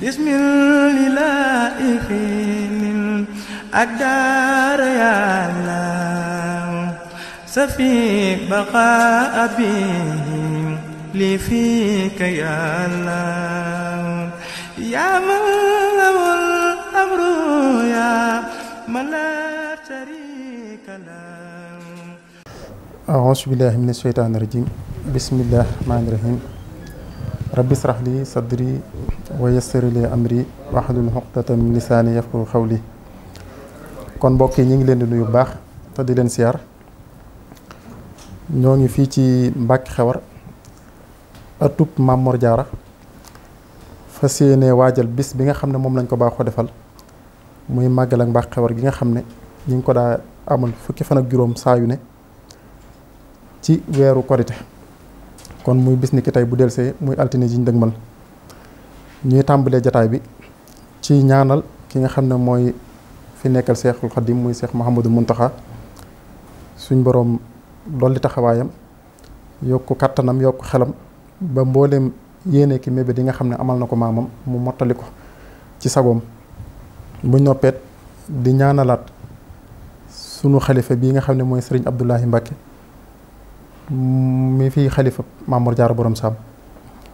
bismillaahi أدار يا الله سفي بقاء أبيهم لي فيك يا الله يا من له الأمر يا من لا شريك له أعوذ بالله من الشيطان الرجيم بسم الله الرحمن الرحيم rabbi israh li sadri wa yassir li amri wahlul uqdatan min lisaani yafqahu qawli kon mbokk yi ñu ngi leen di nuyu baax te di leen siyaar ñoo ngi fii ci Mbàkke Xewar ëttub Maam Mor Jaara fas yéene waajal bis bi nga xam ne moom lañ ko baaxoo defal muy màggal ak Mbàkke Xewar gi nga xam ne ñu ngi ko daa amal fukki fan ak juróom saa yu ne ci weeru korite kon muy bis ni tey bu delsee muy altine ji ñu dëgmal ñuy tàmbalee jataay bi ci ñaanal ki nga xam ne mooy fi nekkal seexul xadim muy seex Mouhamadou Mountakha suñ boroom di taxawaayam yokk kàttanam yokk xelam ba mbooleem yéene ki mébét yi nga xam ne amal na ko maamam mu mottali ko ci sagoom bu noppeet di ñaanalaat sunu xalifa bii nga xam ne mooy sëriñ Abdoulahi Mbacke mi fi xalifa Mamour Diarra borom saam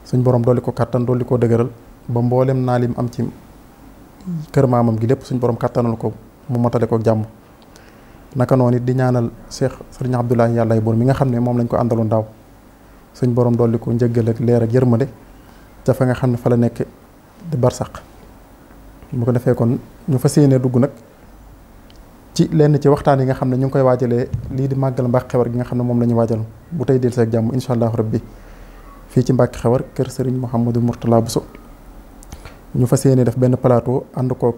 suñ borom dolli ko kattan li ko dëgëral ba mboolem naa lim am ci kër maamam gi lépp suñ borom kattanal ko mu motale ko jàmm naka noonu it di ñaanal Cheikh Serigne Abdoulaye yàlla bor mi nga xam ne moom lañ ko àndaloon daaw suñ borom dolli ko njëggal ak leer ak de ca fa nga xam ne fa la nekk di barsaq bu ko defee kon ñu fas yéenee dugg nag. ci lenn ci waxtaan yi nga xam ne ñu ngi koy waajalee lii di màggal Mbàkke Xewar gi nga xam ne moom la ñu waajal bu tey del seeg jàmm incha allahu rabbi fii ci Mbàkke Xewar kër Serigne Mouhamadou Mourtala Bousso ñu fas yéene def benn plateau ànd koog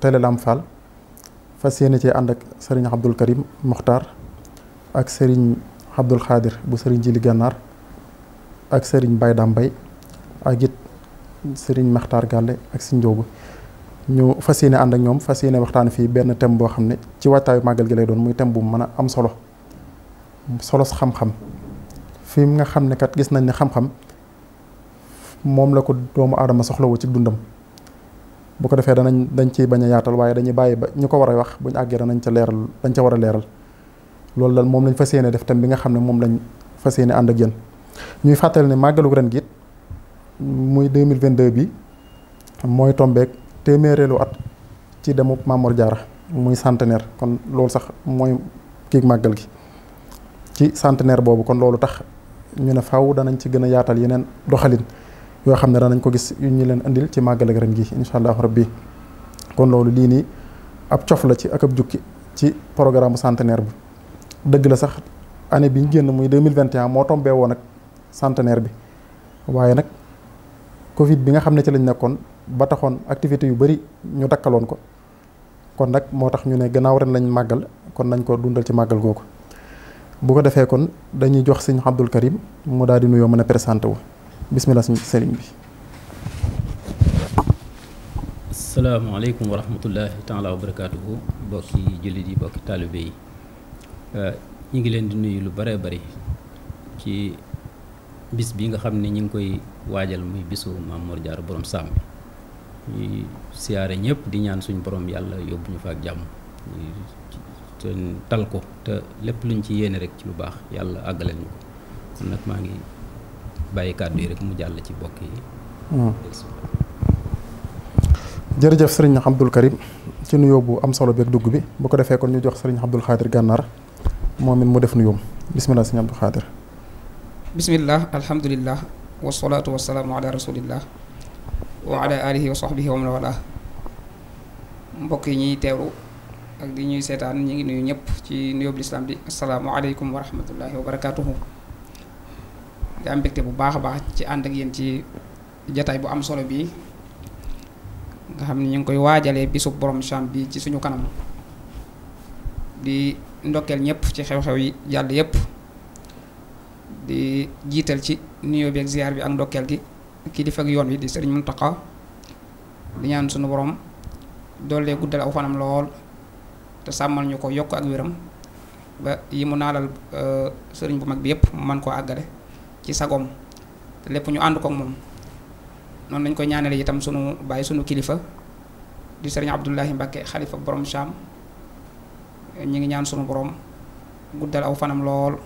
Télé Lam Fall fas yéene cee ànd ak Serigne Abdoul Karim Mokhtar ak sëriñ Abdoul Khadir bu Serigne Jili Gànnaar ak Serigne Baye Dambay ak it Serigne Makhtar Galle ak Serigne Ndiogu ñu fas yéene ànd ak ñoom fas yéene waxtaan fii benn thème boo xam ne ci waajtaayu màggal gi lay doon muy thème bu mën a am solo solos xam-xam fi nga xam ne kat gis nañ ne xam-xam moom la ko doomu aadama soxlawoo ci dundam bu ko defee danañ dañ ciy bañ a yaatal waaye dañuy bàyyi ba ñu ko war a wax bu ñu àggee ca leeral dañ ca war a leeral loolu la moom lañ fas yéene def thème bi nga xam ne moom lañ fas yéene ànd ak yéen ñuy fàttali ne màggalu ren gi muy 2022 bi mooy tombeek téeméereelu at ci demub Mamor Diarra muy centenaire kon loolu sax mooy kii màggal gi ci centenaire boobu kon loolu tax ñu ne faw danañ ci gën a yaatal yeneen doxalin yoo xam ne danañ ko gis ñu leen indil ci màggal ak ren gi incha allah rabbi kon loolu lii nii ab cof la ci ak ab jukki ci programme centenaire bi dëgg la sax année bi ñu génn muy de 2021 moo tombee woon ak centenaire bi waaye nag Covid bi nga xam ne ci lañ nekkoon. ba taxoon activité yu bari ñu takkaloon ko kon nag moo tax ñu ne gannaaw ren lañ màggal kon nañ ko dundal ci màggal googu bu ko defee kon dañuy jox sëñ Abdul Karim mu daal di nuyoo mën a présenté wu bisimilah sëñ sëriñ bi. salaamaaleykum wa rahmatullahi taala wa barakaatuhu bokki jullit yi bokki taalibe yi ñu ngi leen di nuyu lu bëree bari ci bis bi nga xam ne ñu ngi koy waajal muy bisu Maam Mor Jaara borom sàmm ñuy siyaare ñëpp di ñaan suñu boroom yàlla yóbbu ñu fa ak jàmm te tal ko te lépp luñ ci yéene rek ci lu baax yàlla àggaleel ñu ko nag maa ngi bàyyi kàddu yi rek mu jàll ci bokk yi. Hmm. jërëjëf sëriñ Abdul Karim ci nuyoo bu am solo beeg dugg bi bu ko defee kon ñu jox sëriñ Abdul Xaadir Gànnaar moom it mu def nuyoom bisimilah sëriñ Abdul Xaadir. bisimilah alhamdulilah wasalaatu wasalaamu ala rasulillah. wa ala alihi wa sahbihi wa man wala mbokk yi ñuy teeru ak di ñuy seetaan ñu ngi nuyu ñëpp ci nuyoob lislaam bi asalaamualeykum wa rahmatullahi wa barakatuhu di am mbégte bu baax a baax ci ànd ak yéen ci jataay bu am solo bii nga xam ne ñu ngi koy waajalee bisub borom champ bi ci suñu kanam di ndokkeel ñëpp ci xew-xew yi jàll yépp di jiital ci nuyoo bi ak bi ak ndokkeel gi kilifa ak yoon wi di sëriñ Muntaxa di ñaan sunu boroom doole guddal aw fanam lool te sàmmal ñu ko yokk ak wéram ba yi mu naalal euh, sëriñ bu mag yëpp mën koo àggale ci sagoom lépp ñu ànd kook moom noonu lañ koy ñaanale itam sunu bàyyi sunu kilifa di sëriñ Abdoulahi Mbacke xalifa borom Cham ñu ngi ñaan sunu borom guddal aw fanam lool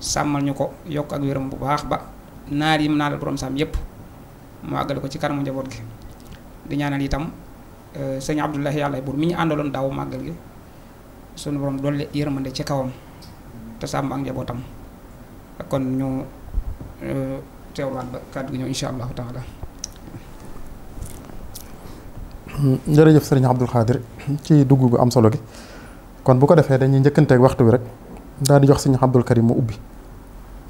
sàmmal ñu ko yokk ak wéram bu baax ba naar yi mu naanal borom saam yépp mu àggale ko ci kanamu njaboot gi di ñaanal itam euh, sëñ Abdoulahi yàlla buur mi ñu àndaloon daaw màggal gi sunu borom dolli yërmande ci kawam te sàmm ak njabootam kon ñu euh, teewlaat ba kàddu gi ñëw insha allahu taala jërëjëf sëriñ Abdul Xaadir ci dugg am solo gi kon bu ko defee dañuy njëkkanteeg waxtu bi rek daal di jox sëriñ Abdul Karim mu ubbi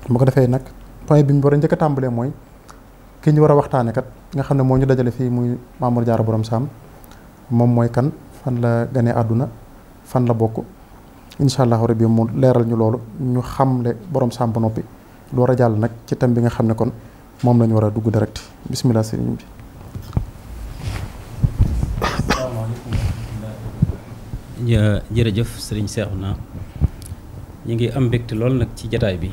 bu ko defee nag point bi mu war a njëkk a tàmbalee mooy ki ñu war a waxtaanee kat nga xam ne moo ñu dajale fii muy Mamour Diarra Borom Sam moom mooy kan fan la ganee àdduna fan la bokk incha allahu bi mu leeral ñu loolu ñu xamle Borom Sam ba noppi lu war a jàll nag ci tam bi nga xam ne kon moom la ñu war a dugg direct bisimilah sëriñ bi. jërëjëf sëriñ Seexuna ñu ngi am mbégte lool nag ci jataay bi.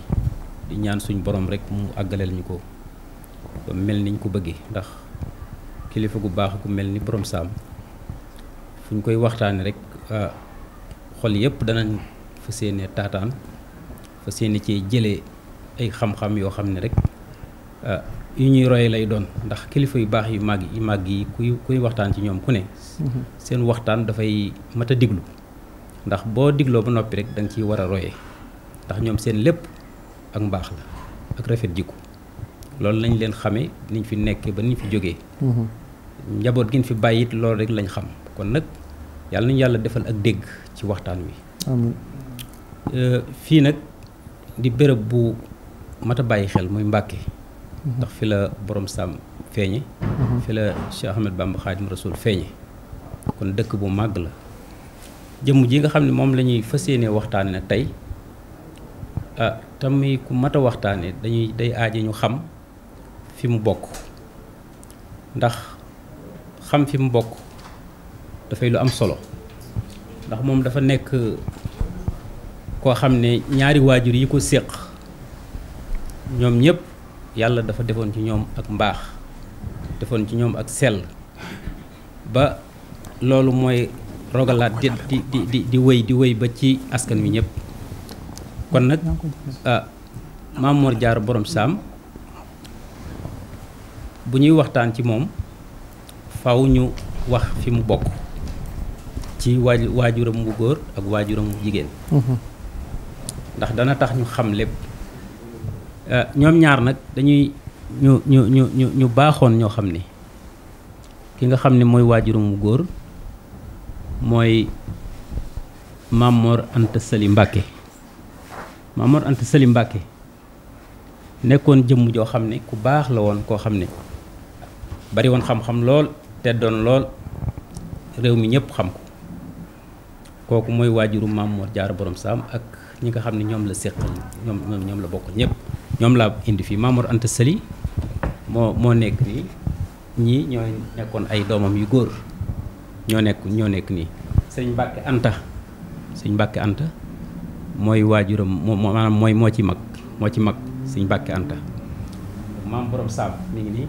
di ñaan suñ borom rek mu àggale lañu ko mel niñ ko bëggee ndax kilifa gu baax gu mel ni borom saam fu ñu koy waxtaanee rek ah, xol yëpp dana fa séenee taataan fa séenee cee jëlee ay xam-xam yoo xam ne rek ah, yu ñuy roye lay doon ndax kilifa yu baax yu màgg yu màgg yi kuy kuy waxtaan ci ñoom ku ne. Mhm. seen waxtaan dafay mat a diglu ndax boo digloo ba noppi rek danga ciy war a roye ndax ñoom seen lépp. ak mbaax la ak rafet jikko loolu lañ leen xamee niñ fi nekkee ba niñ fi jógee mm-hmm. njaboot gi fi bàyyi loolu rek lañ xam kon nag yàlla nañu yàlla defal ak dégg ci waxtaan wi euh, fii nag di bërëb bu mat a bàyyi xel muy Mbàkke mm-hmm. ndax fi la borom sàmm feeñe mm-hmm. fi la Cheikh Ahmed Bamba Xaadim Rasul feeñe kon dëkk bu màgg la jëmm ji nga xam ne moom la ñuy fas yéene waxtaane tey ah, te muy ku mat a waxtaanee dañuy day aaji ñu xam fi mu bokk ndax xam fi mu bokk dafay lu am solo ndax moom dafa nekk koo xam ne ñaari waajur yi ko séq ñoom ñëpp yàlla dafa defoon ci ñoom ak mbaax defoon ci ñoom ak sell ba loolu mooy rogalaat di di di di wëy di woy ba ci askan wi ñëpp kon nag ah Maam Mor Saam bu ñuy waxtaan ci moom faw ñu wax fi mu bokk ci waaj waajuram bu góor ak waajuram bu jigéen ndax dana tax ñu xam lépp ah, ñoom ñaar nag dañuy ñu ñu ñu ñu ñu baaxoon ñoo xam ni ki nga xam ni mooy waajuram bu góor mooy Maam Mor Anta Sali Mbàkke Mamor Anta Sali Mbàkke nekkoon jëmm joo xam ne ku baax la woon koo xam ne bari woon xam-xam lool teddoon lool réew mi ñëpp xam ko kooku mooy waajuru Mamor Jaara boroom Saam ak ñi nga xam ne ñoom la séqal ñoom ñoom la bokk ñëpp ñoom laa indi fii Mamor Anta Sali moo moo nekk nii ñii ñooy nekkoon ay doomam yu góor ñoo nekk ñoo nekk nii sëñ Mbàkke Anta sëñ Mbàkke Anta mooy waajuram moo maanaam mooy moo ci mag moo ci mag suñ Mbàkke Anta maam borom saam mi ngi nii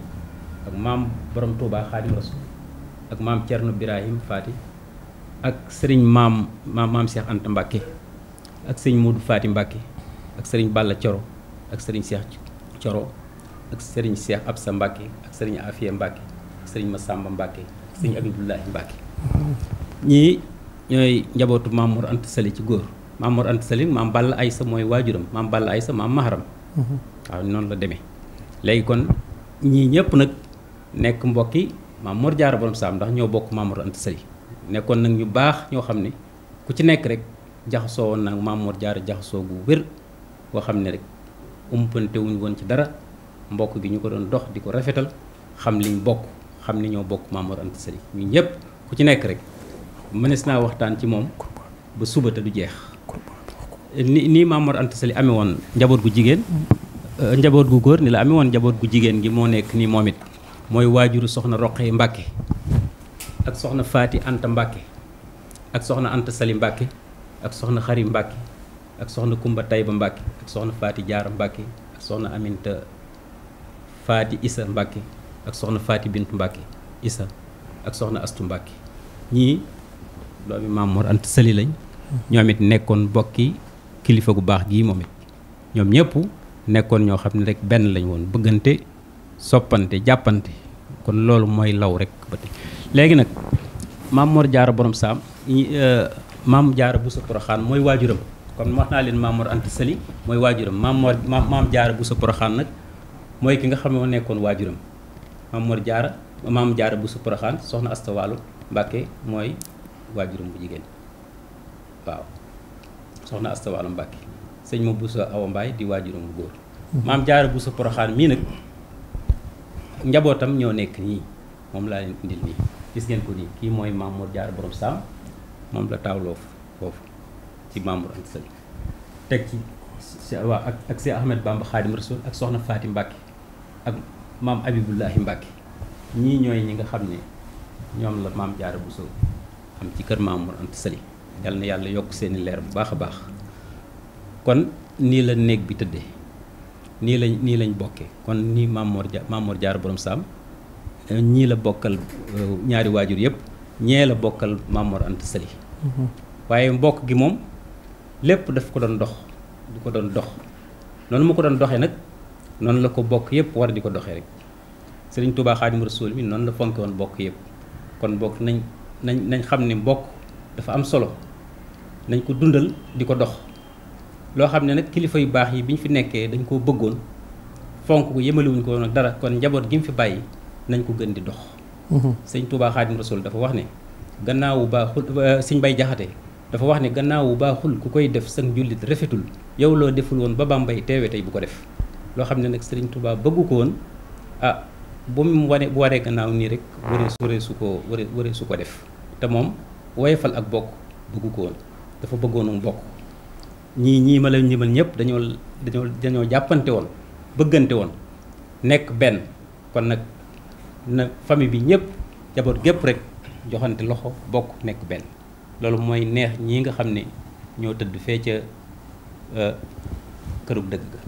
ak maam borom Touba Xaadim Rasul ak maam Thierno Birahim Faati ak sëriñ maam maam maam Cheikh Anta Mbàkke ak sëriñ Modou Faati Mbàkke ak sëriñ Balla Coro ak sëriñ Cheikh Coro ak sëriñ Cheikh sa Mbàkke ak sëriñ Afia Mbàkke ak sëriñ Massamba Mbàkke ak sëriñ Abdullahi Mbàkke ñii ñooy njabootu Maam Mor Anta Sali ci góor maam Mor Anta Sali maam Balla Aysa mooy waajuram maam Balla Aysa maam Maharam. Mhm. waaw noonu la demee. léegi kon ñii ñëpp nag nekk mbokki maam Mor Jaara Borom Saam ndax ñoo bokk maam Mor Anta Sali nekkoon nag ñu baax ñoo xam ne ku ci nekk rek jaxasoo woon nag maam Mor jaxasoo gu wér boo xam ne rek umpante woon ci dara mbokk gi ñu ko dox di ko rafetal xam liñ bokk xam ni ñoo bokk maam Mor Anta Sali ñëpp ku ci nekk rek mënees naa waxtaan ci moom ba suba te du jeex. nii Maam Mor Anta Sali amee woon njaboot gu jigéen euh, njaboot gu góor ni la amee njaboot gu jigéen gi moo nekk nii moom it mooy waajuru soxna Roqee Mbàkke ak soxna Faati Anta Mbàkke ak soxna Anta Sali Mbàkke ak soxna Xari Mbàkke ak soxna Kumba Tayba Mbàkke ak soxna Faati Jaara Mbàkke ak soxna Aminta Faati Isa Mbàkke ak soxna Faati Bintu Mbàkke Isa ak soxna Astu Mbàkke ñii doomi Maam Mor Anta Sali lañ ñoom nekkoon bokki kilifa gu baax gii moom it ñoom ñëpp nekkoon ñoo xam ne rek benn lañ woon bëggante soppante jàppante kon loolu mooy law rek ba tey léegi nag maam Mor Jaara borom saam e, maam Jaara bu Poroxaan mooy waajuram kon wax naa leen maam Mor Anta mooy waajuram maam Mor maam Jaara Buso Poroxaan nag mooy ki nga xam ne moo nekkoon waajuram maam Mor Jaara maam Jaara Buso Poroxaan soxna Asta Waalo Mbàkke mooy waajuram bu jigéen waaw soxna Asta Walo Mbàkke sëñ ma Bousso Awa Mbaay di waajuram bu góor mhm. maam jaara Bousso Poroxaan mii nag njabootam ñoo nekk nii moom laa leen indil nii gis ngeen ko nii kii mooy maam Mor Jaara borom saam moom la taawloo foofu ci maam teg ci waaw ak ak Seex Ahmed Bamba Xaadim Rasul ak soxna Faati Mbàkke ak maam Abibullahi Mbàkke ñi nga xam ne ñoom la maam jaara Bousso am ci kër maam Mor Anta yal na yàlla yokk seeni leer bu baax a baax kon nii la néeg bi tëddee nii lañ nii lañ bokkee kon nii Mamor Dia jaar Diarra Borom eh, ñii la bokkal eh, ñaari waajur yëpp ñee la bokkal Mamor Anta Sali mm-hmm. waaye mbokk gi moom lépp daf ko doon dox du ko doon dox noonu mu ko doon doxee nag noonu la ko bokk yëpp war di ko doxee rek Sëriñ Tuubaa Xaadimu Rasuul bi noonu la fonke woon bokk yépp kon bokk nañ nañ nañ xam ne mbokk dafa am solo nañ ko dundal di ko dox loo xam ne nag kilifa yu baax yi bi ñu fi nekkee dañ koo bëggoon fonk ko yemalewuñ ko nag dara kon njaboot gi mu fi bàyyi nañ ko gën di dox mm-hmm. sëñ Touba Xaadim Rasul dafa wax ne gannaawu baaxul sëñ Bay Jaxate dafa wax ne gannaawu baaxul ku koy def sën jullit rafetul yow loo deful woon ba Bambay teewee tey bu ko def loo xam ne nag sëriñ tubaa bëggu ko woon ah bu mu wane bu waree gannaaw nii rek waree su waree su ko waree su ko def te moom woyefal ak bokk bëggu ko woon dafa bëggoon bokk ñii ñii ma leen ñimal ñëpp dañoo dañoo dañoo jàppante woon bëggante woon nekk benn kon nag nag famille bi ñëpp jaboot gépp rek joxante loxo bokk nekk benn loolu mooy neex ñii nga xam ne ñoo tëdd fee ca euh, këru dëgg ga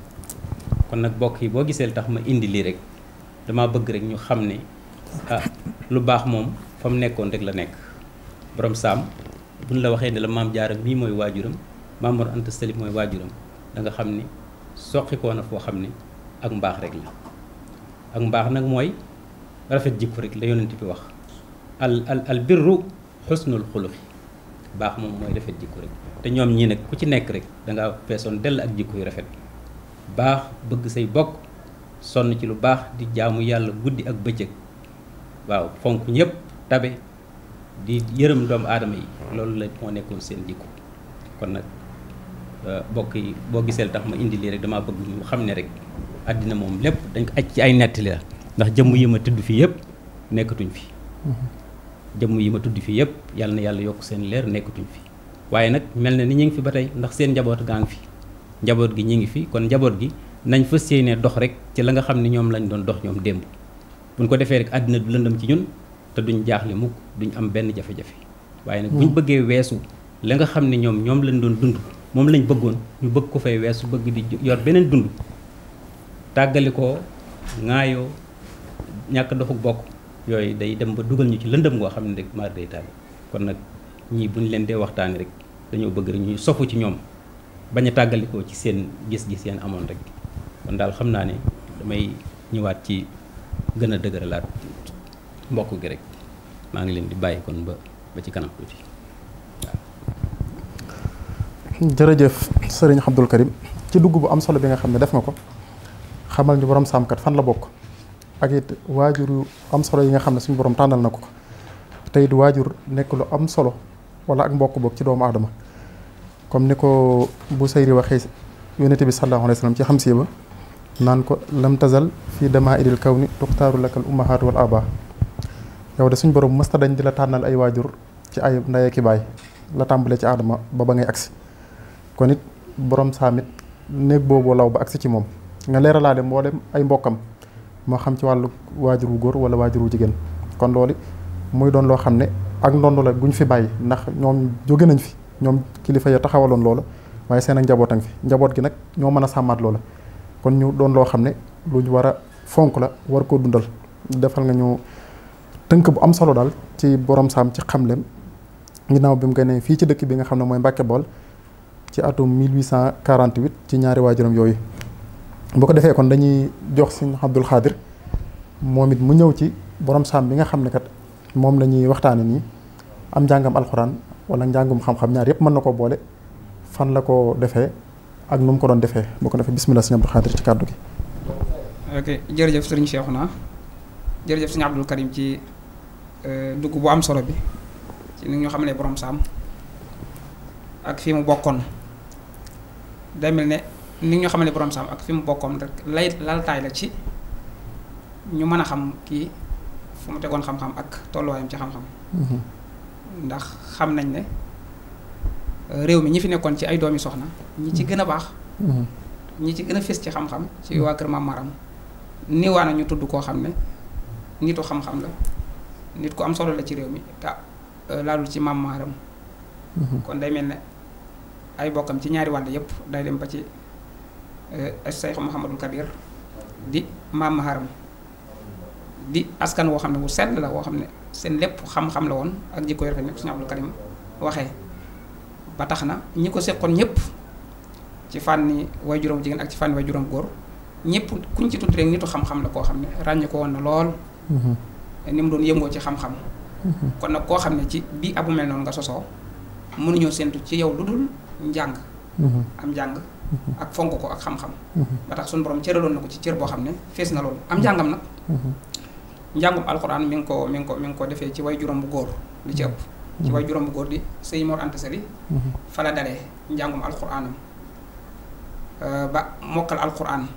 kon nag bokk yi boo gisee li tax ma indi lii rek dama bëgg rek ñu xam ne ah lu baax moom fa mu nekkoon rek la nekk borom saam buñ la waxee ne la maam jaara mii mooy waajuram maam Mor Anta Sali mooy waajuram da nga xam ni soqikoo na foo xam ne ak mbaax rek la ak mbaax nag mooy rafet jikko rek la yonent bi wax al al al birru xusnul xuluqi baax moom mooy rafet jikko rek te ñoom ñii nag ku ci nekk rek danga ngaa feesoon dell ak jikko yu rafet baax bëgg say bokk sonn ci lu baax di jaamu yàlla guddi ak bëccëg waaw fonk ñëpp tabe di yërëm doomu aadama yi loolu la moo nekkoon seen jikko kon nag euh, bokk yi boo gisee tax ma indi lii rek damaa bëgg ñu xam ne rek àddina moom lépp dañ ko aj ci ay nettali la ndax jëmm yi ma tudd fii yëpp nekkatuñ fi jëmm yi ma tudd fii yëpp yàlla na yàlla yokk seen leer nekkatuñ fi waaye nag mel na ni ñu ngi fi ba tey ndax seen njaboot gaa ngi fi njaboot gi ñu ngi fi kon njaboot gi nañ fas yéenee dox rek ci la nga xam ne ñoom lañ doon dox ñoom démb te duñ jaaxle mukk duñ am benn jafe-jafe waaye nag hmm. buñ bëggee weesu la nga xam ne ñoom ñoom lañ doon dund moom lañ bëggoon ñu bëgg ko fay weesu bëgg di yor beneen dund tàggali ko ŋaayoo ñàkk doxuk bokk yooyu day dem ba dugal ñu ci lëndëm ngoo xam ne rek maar day kon nag ñii buñ leen dee waxtaani rek dañoo bëgg rek ñu sofu ci ñoom bañ a tàggalikoo ci seen gis-gis seen amoon rek kon daal xam naa ne damay ñëwaat ci gën a dëgëralaat mbokk gi rek maa ngi leen di bàyyi kon ba ci kanam tuuti jërëjëf sëriñ Abdul Karim ci dugg bu am solo bi nga xam ne def nga ko xamal ni borom saamkat fan la bokk ak it waajur yu am solo yi nga xam ne suñu borom tànnal na ko te it waajur nekk lu am solo wala ak mbokk bokk ci doomu aadama comme ni ko bu sayri waxee yonente bi sallallahu alayhi wa sallam ci xam si ba naan ko lam tazal fii dama idil kaw ni tuxtaaru lakal ummahaatu wal abaa yow de suñ borom mësta dañ di la tànnal ay waajur ci ay ndey ki baay la tàmbalee ci aadama ba ba ngay agsi kon it borom saamit néeg boobu law ba agsi ci moom nga leeralaale mboolem ay mbokkam moo xam ci wàllu waajur wu góor wala waajur wu jigéen kon loolu muy doon loo xam ne ak ndondu la ñu fi bàyyi ndax ñoom jóge nañ fi ñoom kilifa ya taxawaloon loola waaye seen ak njabootam fi njaboot gi nag ñoo mën a sàmmaat loola kon ñu doon loo xam ne lu ñu war a fonk la war koo dundal tënk bu am solo daal ci borom saam ci xamlem ginnaaw bi mu gënee fii ci dëkk bi nga xam ne mooy Mbàkke Bool ci atum 1848 ci ñaari waajuram yooyu boo ko defee kon dañuy jox Sëñ Abdul Xaadir moom it mu ñëw ci borom saam bi nga xam ne kat moom la ñuy waxtaane nii am njàngam alxuraan wala njàngum xam-xam ñaar yëpp mën na koo boole fan la ko defee ak nu mu ko doon defee boo ko defee bismillah Sëñ Abdul Xaadir ci kàddu gi ok jërëjëf sëriñ Abdul Karim ci Euh, dugg bu am solo bi ci ni ñu xam ne borom saam ak fi mu bokkoon day mel ne ni ñu xam ne borom saam ak fi mu bokkoon rek lay laltaay la ci ñu mën a xam kii fu mu tegoon xam-xam ak tolluwaayam ci xam-xam. Mhm. ndax xam nañ ne euh, réew mi ñi fi nekkoon ci ay doomi soxna. ñi ci gën a baax. Mhm. ñi ci gën a fés ci xam-xam. ci waa kër Maam Maram nii na ñu tudd koo xam ne nitu xam-xam la. nit ku am solo la ci réew mi te euh, laalul ci maam maaram mhm. kon day mel ne ay bokkam ci ñaari wàll yëpp day dem ba ci Seex euh, Muhammadul Kabir di maam maaram di askan woo xam ne wu sell la woo xam ne seen lépp xam-xam la woon ak jikko yor ne Sëñ Abdul Karim waxee ba tax na ñi ko seqoon ñëpp ci fànni way juróom jigéen ak ci fànni way juróom góor ñëpp kuñ ci tudd rek nitu xam-xam la koo xam ne ràññi ko woon na lool mhm. ni mu doon yëngoo ci xam-xam. kon nag koo xam ne ci bii abu mel noonu nga sosoo mënuñoo séntu ci yow lu dul njàng. Mm-hmm. am njàng. Mm-hmm. ak fonk ko ak xam-xam. Mm-hmm. ba tax suñu borom na ko ci cër boo xam ne fees na loolu am njàngam nag. njàngum alxuraan mi ngi ko mi ngi ko mi ngi ko defee ci way juróom bu góor li ci ëpp. ci way juróom bu góor di sëñ Mor Anta Sali. fa la dalee njàngum alxuraanam euh, ba mokkal alxuraan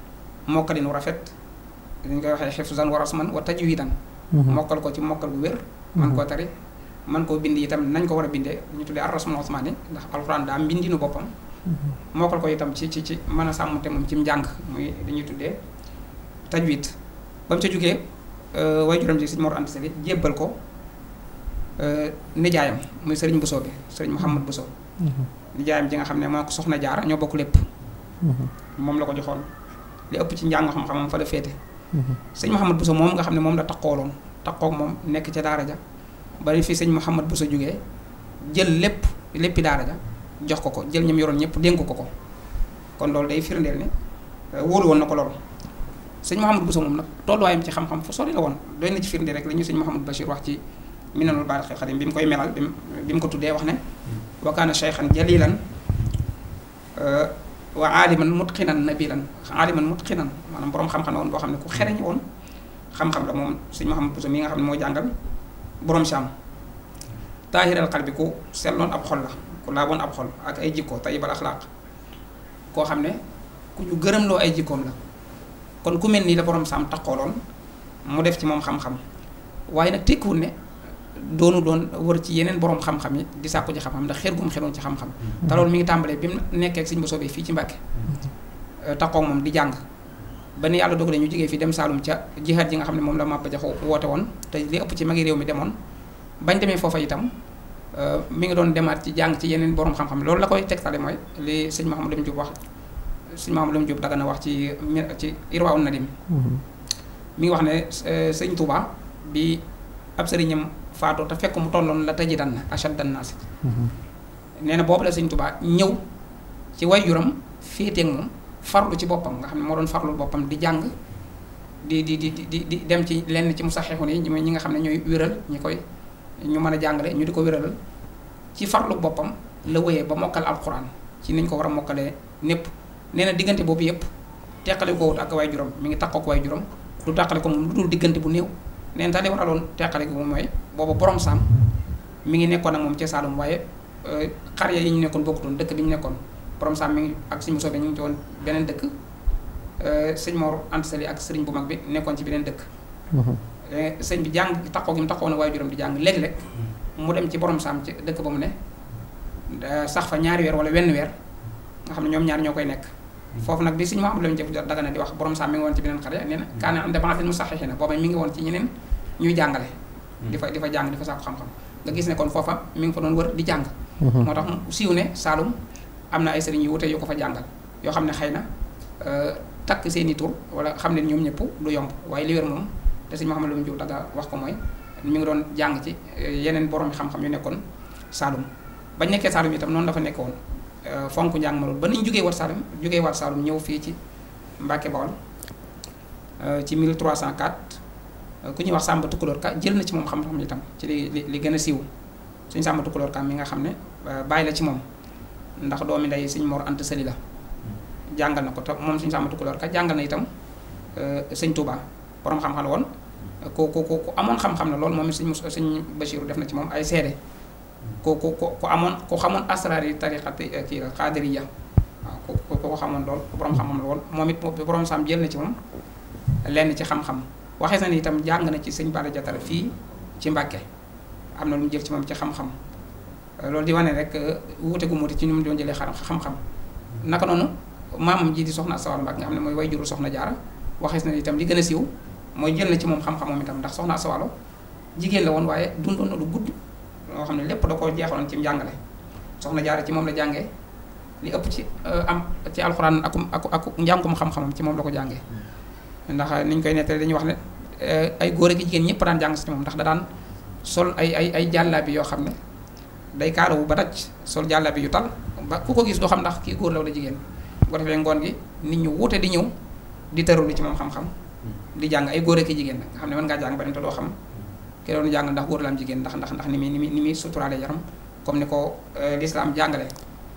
mokkalin wu rafet dañ koy waxee xifzan wa rasman wa tajwidan Mhm. mokkal ko ci mokkal bu wér man mhm. koo tari man koo bind itam nañ ko war a bindee ñu tuddee ar-rasmul usmaani ndax alxuraan daa am boppam mhm. mokkal ko itam ci ci ci mën a te moom ci njàng muy dañuy tuddee tajwid ba mu ca jógee euh, way juróom ji sëñ Mor Anta Sali jébbal ko euh, nijaayam muy sëriñ Bousso bi sëriñ Mouhamad Bousso nijaayam ji nga xam ne moo soxna jaar ñoo bokk lépp moom la ko joxoon li ëpp ci njàng xam-xamam fa la féete sëñ Mouhamad buso moom nga xam ne moom la takkooloon takkoog moom nekk ca daara ja bari fi sëñ Mouhamad Bousso jógee jël lépp léppi daara ja jox ko ko jël ñam yoroon ñëpp dénk ko ko kon loolu day firndeel ne euh, wóolu woon na ko loolu sëñ Mouhamad Bousso moom nag tolluwaayam ci xam-xam fu sori la woon doy na ci firnde rek la ñu sëñ Mouhamad Bachir wax ci Minanul Baaqil Qadiim bi mu koy melal bi mu ko tuddee wax ne wa kaana shaykhan jalilan euh, wa aaliman mutqinan nabilan aaliman mutqinan maanaam borom xam-xam la woon boo xam ne ku xereñ woon xam-xam la moom sëñ Mouhamadou Bousso mi nga xam ne moo jàngal borom saam taahiral qalbi ku seetloon ab xol la ku laaboon ab xol ak ay jikko tayyibal axlaaq koo xam ne ku ñu gërëm loo ay jikkoom la kon ku mel nii la borom saam lool mu def ci moom xam-xam waaye nag tekkiwul ne. doonu doon wër ci yeneen boroom xam-xam yi di sàkku ci xam-xam ndax xeer gum xeroon ci xam-xam mm-hmm. te loolu mi ngi tàmbalee bi mu nekkee ak sëñ Bousso fii ci Mbàkke mm-hmm. takkoog moom di jàng ba ni yàlla dogalee ñu jógee fii dem Saalum ca jihaad ji nga xam ne moom la Maba Jaxu woote woon te li ëpp ci magi réew mi demoon bañ demee foofa itam euh, mi ngi doon demaat ci jàng ci yeneen boroom xam-xam loolu la koy tegtale mooy li sëñ Mahamadou Lam Diop wax sëñ Mahamadou Lam Diop daga na wax ci ci Irwaawu Nadim mm-hmm. mi ngi wax ne euh, sëñ Touba bi sëriñam faatoo te fekk mu tolloon la taji dan na achat dan naa si mhm. nee na boobu la sëñ tubaa ñëw ci wayjuram féeteeg moom farlu ci boppam nga xam ne moo doon farlu boppam di jàng di di di di di dem ci lenn ci mu musaxixun yi ñi nga xam ne ñooy wéral ñu koy ñu mën a jàngale ñu di ko wéralal ci farlu boppam la wéyee ba mokkal alxuraan ci niñ ko war a mokkalee népp nee na diggante boobu yëpp teqali ko wut ak way juróom mu ngi takkook way juróom du tàqali ko moom lu diggante bu néew nee na tax li waraloon teqali ko moom boobu borom saam mi ngi nekkoon ak moom ci Saalum waaye euh, xar ya yi ñu nekkoon bokkutoon dëkk bi ñu nekkoon borom saam mi ngi ak suñu soobee ñu ngi ci beneen dëkk euh, sëñ Mor Anta Sali ak sëriñ bu mag nekkoon ci beneen dëkk. Mhm. Euh, sëñ bi jàng taxaw gi mu taxawoon waaye juróom di jàng léeg-léeg mu dem ci borom saam ci dëkk ba mu ne sax fa ñaari weer wala wenn weer nga xam ne ñoom ñaar ñoo koy nekk. foofu nag bi suñu Mouhamadou Lamine Diop daga na di wax borom mi ngi woon ci beneen xar ya ngi woon ci ñeneen ñuy jàngale. Mm-hmm. di fa di fa jàng di fa sàkku xam-xam nga gis ne kon foofa mi ngi fa doon wër di jàng mm-hmm. moo tax siiw ne Saalum am na ay sëriñ yu wute yu ko fa jàngal yoo xam ne xëy na euh, takk seen i tur wala xam ne ñoom ñëpp du yomb waaye li moom te sëñ la mu Diouf Daga wax ko mooy mi ngi doon jàng ci euh, yeneen borom xam-xam yu nekkoon Saalum ba nekkee Saalum itam noonu dafa nekkoon euh, fonk njàng ma loolu ba niñ jógee waat Saalum jógee waat Saalum ñëw fii ci Mbàkke Bawol ci 1304 ku ñuy wax Samba Tukulóor Ka jël na ci moom xam-xam tam ci li li gën a siiw suñ Samba Tukulóor Ka mi nga xam ne euh, bàyyi la ci moom ndax doomi nday suñ Mor Anta Sali la jàngal na ko te moom suñu Samba Tukulóor Ka jàngal na itam euh, sëñ Touba borom xam-xam la woon ku ku ku amoon xam-xam loolu moom it suñ suñ Bachiru def na ci moom ay seede ku ku ku amoon ku xamoon asraari tariqati euh, kii la xaadiriya waaw ku ko xamoon lool borom xam-xam la woon moom it borom sam jël na ci moom lenn ci xam-xam. waxee na ni itam jàng na ci sëñ Balla Diatara fii ci Mbàkke am na lu mu jël ci moom ci xam-xam loolu di wane rek euh, wuute gu muuti ci nu mu doon jëlee xam-xam naka noonu maamam ji di soxna Asawar Mbàkke nga xam ne mooy way juru soxna jaara waxees na itam li a siiw mooy jël na ci moom xam-xam itam ndax soxna Asawalo jigéen la woon waaye dundoon na lu gudd loo xam ne lépp da koo jeexaloon ci njàngale soxna jaara ci moom la jàngee li ëpp ci euh, am ci alxuraan ak ak njàngum xam-xamam ci moom la ko jàngee ndax niñ koy nettali dañuy wax ne eh, ay góor ak jigéen ñëpp daan jàng si moom ndax da daan sol ay ay ay jàllaabi yoo xam ne day kaalawu ba daj sol jàllaabi yu tal ba ku ko gis doo xam ndax kii góor la jigéen bu defee ngoon gi nit ñu wuute di ñëw di tërulu ci moom xam di jàng ay góor ak jigéen nga xam ne mën ngaa jàng ba dem te doo xam ki doon jàng ndax góor la am jigéen ndax ndax ni muy ni muy ni muy suturaale yaram comme ni ko eh, lislaam jàngale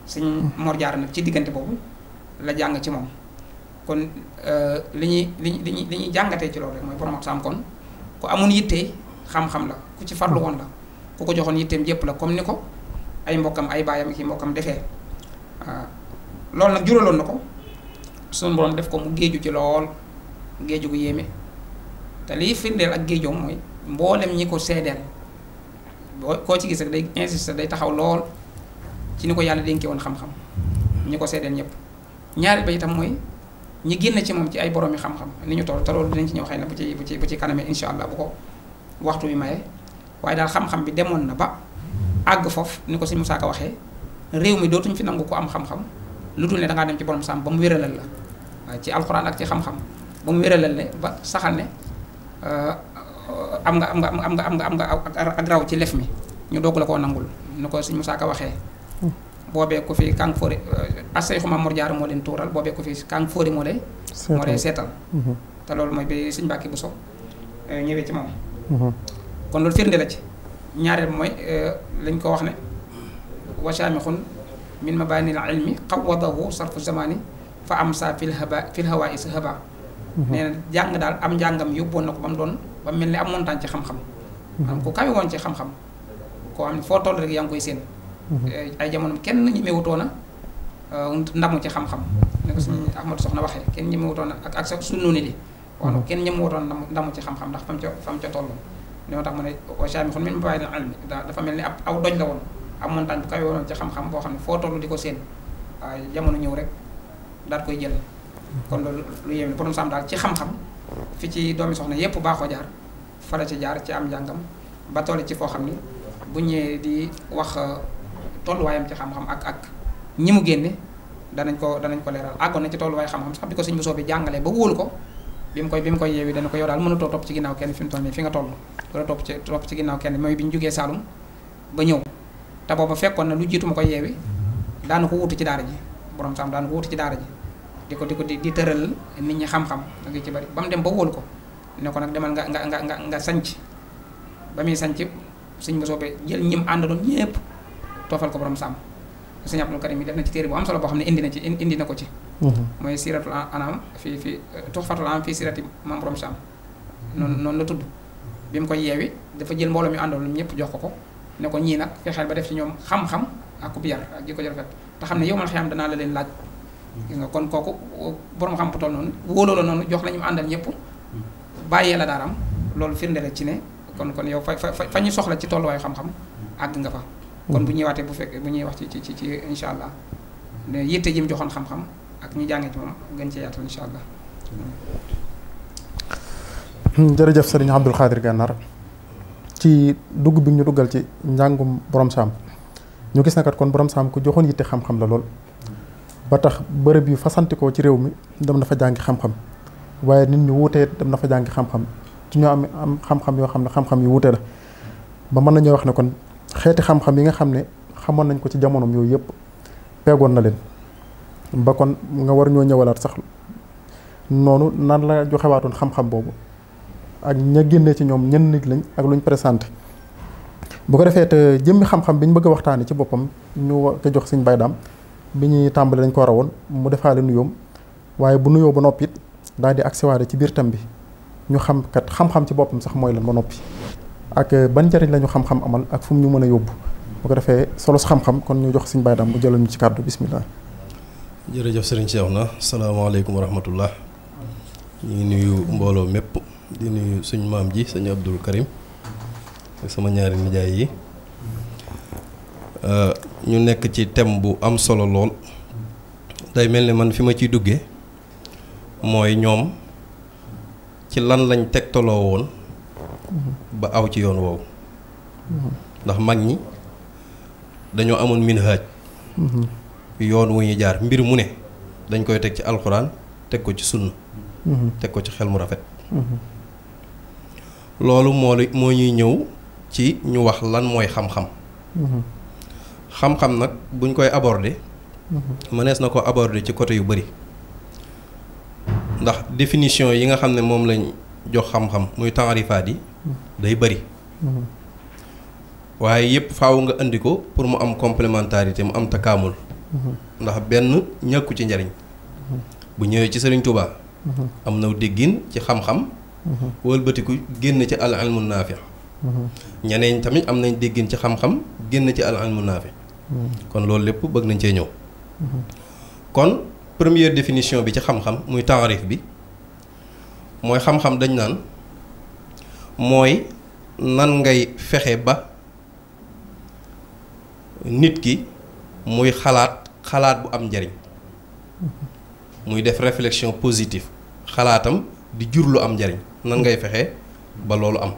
suñ mor jaar nag ci diggante boobu la jàng ci moom kon euh, li ñuy li ñuy li ñuy jàngatee ci loolu rek mooy borom ak saam kon ku amoon yitte xam-xam la ku ci farlu woon la ku ko joxoon yitteem yépp la comme ni ko ay mbokkam ay baayam ki mbokkam defee ah, loolu nag juraloon na ko suñu borom def ko mu géeju ci lool géeju yéeme te liy firndeel ak géejoom mooy mboolem ñi ko seedeel boo koo ci gis rek day insisté day taxaw lool ci ni ko yàlla dénkee woon xam-xam ñi ko seedeel ñëpp ñaari ba itam mooy. ñi génn ci moom ci ay borom yi xam-xam ni ñu toll te loolu dinañ ci ñëw xëy na bu ci bu ci bu ci kanamee incha allah bu ko waxtu wi maye waaye daal xam-xam bi demoon na ba àgg foofu ni ko si Moussa Ka waxee réew mi dootuñ fi nangu ko am xam-xam lu dul ne dangaa dem ci borom sàmm ba mu wéralal la ci alxuraan ak ci xam-xam ba mu wéralal ne ba saxal ne euh, am nga am nga am nga am nga am nga ak raw ci lef mi ñu doog la koo nangul ni ko si Moussa Ka waxee. Hmm. boobee ko fi kàng fóori euh, assey xuma mor jaar moo leen tuural boobee ko fi kàng fóori moo lay moo lay seetal mhm. te loolu mooy bi sëñ Mbàkke so ñëwee ci moom mhm. kon loolu firnde la ci ñaareel mooy euh, lañ ko wax ne wasaamixun min mabaanil ilmi xawadahu sarfu zamani fa am sa fil haba fil hawa is haba mhm. nee daal am njàngam yóbboon na ko ba mu doon ba mel ni am montagne ci xam-xam ku kawe ci xam-xam koo xam ne foo toll rek yaa ngi koy séen Eh, ay jamono kenn ñemewutoon a eh, ndamu ci xam-xam ne ko suñu Ahmadu Soxna waxee kenn ñemewutoon ak ak suñu noonu li waaw mhm. kenn ñemewutoon ndamu ci xam-xam ndax fam ca fam ca tolloon li tax mu ne chami xon min bàyyi na almi dafa mel ni ab aw doj la woon ab montagne bu kawe woon ci xam-xam boo xam ne foo toll di ko seen waaye jamono ñëw rek daal koy jël kon loolu lu yéeme borom saam daal ci xam-xam fi ci doomi soxna yépp baaxoo jaar fara ci jaar ci am njàngam ba toll ci foo xam ni bu ñëwee di wax tolluwaayam ci xam-xam ak ak ñi mu génne danañ ko danañ ko leeral àggoon na ci tolluwaay xam-xam sax bi ko sëñ bu soobee jàngalee ba wóolu ko bi mu koy bi mu ko yow daal mënatoo topp ci ginnaaw kenn fi mu toll nii fi nga toll wala topp ci topp ci ginnaaw kenn mooy bi ba fekkoon na lu jiitu ma koy yeewi daana ko wuutu ci daara ji borom saam daana ko wuutu ci daara ji di ko di ko di tëral nit ñi xam-xam ci bari ba dem ba wóolu ko ne ko nag demal nga nga nga nga nga sanc ba muy sanc sëñ bu soobee jël ñim àndaloon ñépp toofal ko borom sàmm sëñ Abdul Karim mi def na ci téere bu am solo boo xam ne indi na ci indi na ko ci mhm. mooy siratul anam fii fii tuxfatul am fii sirati mam borom sàmm noonu mhm. noonu la tudd bi mu koy yeewi dafa jël mbooloo mi àndoon ñëpp jox ko ko ne ko ñii nag ba def ci ñoom xam-xam ak ku yar ak jikko ju rafet te xam ne yow man xiyam la leen laaj gis nga kon kooku borom xam bu toll noonu wóoloo la jox la ñu àndal ñëpp bàyyee la am loolu firnde la ci ne kon kon yow fa fa fa ñu soxla ci tolluwaayu xam-xam àgg nga fa kon bu hmm. ñëwaatee bu fekkee bu ñuy wax ci ci ci incha allah yitte ji mu joxoon xam-xam ak ñu jàngee ci moom gën cee yaatal allah. Hmm. jërëjëf sëriñ Abdul Xaadir Gànnaar ci dugg bi ñu duggal ci njàngum borom saam ñu gis na kat kon borom saam ku joxoon yitte xam-xam la lool. ba tax bërëb yu fasantikoo ci réew mi dem na fa jàngi xam-xam waaye nit ñu wuutee dem na fa jàngi xam-xam ci ñoo am am xam-xam yoo xam ne xam-xam yu wuute la ba mën nañoo wax ne kon xeeti xam-xam yi nga xam ne xamoon nañ ko ci jamonoom yooyu yëpp peegoon na leen ba kon nga war ñoo ñëwalaat sax noonu nan la joxewaatoon xam-xam boobu ak ña génnee ci ñoom ñenn nit lañ ak luñ présenté bu ko defee te jëmmi xam-xam bi ñu bëgg a waxtaanee ci boppam ñu ko jox suñ baydaam bi ñuy tàmbali dañ ko war woon mu defaale nuyoom waaye bu nuyoo ba noppi it daal di agsiwaare ci biir tam bi ñu xam kat xam-xam ci boppam sax mooy lan ba noppi. ak ban njëriñ la ñu xam-xam amal ak fu mu ñu mën a yóbbu bu ko defee solos xam-xam kon ñu jox suñ Baye mu jëlal ñu ci kàddu bismillah jërëjëf sëriñ Cheikhouna salaamaaleykum wa rahmatullah ñu ngi nuyu mbooloo mépp di nuyu suñu maam ji sëñ Abdul Karim sama ñaari nijaay yi ñu nekk ci thème bu am solo lool day mel ni man fi ma ciy duggee mooy ñoom ci lan lañ tegtaloo woon ba aw ci yoon woowu ndax mag ñi dañoo amoon minhaaj yoon wu ñuy jaar mbir mu ne dañ koy teg ci alxuraan teg ko ci sunna teg ko ci xel mu rafet loolu moo moo ñuy ñëw ci ñu wax lan mooy xam-xam xam-xam nag buñ koy aborder mënees na ko abordé ci côté yu bari ndax définition yi nga xam ne moom lañu jox xam-xam muy taarifaat yi day bëri. waaye yëpp faw nga indi ko pour mu am complémentarité mu am takaamul. ndax benn ñàkku ci njariñ bu ñëwee ci Serigne Touba. am na déggin ci xam-xam. wëlbatiku génn ci al ilmu naafi. ñeneen tamit am nañ déggin ci xam-xam génn ci al ilmu naafi. kon loolu lépp bëgg nañ cee ñëw. kon première définition bi ci xam-xam muy taarif bi mooy xam-xam dañ naan. mooy nan ngay fexe ba nit ki muy xalaat xalaat bu am njariñ muy def réflexion positive xalaatam di jur lu am njariñ nan ngay fexe ba loolu am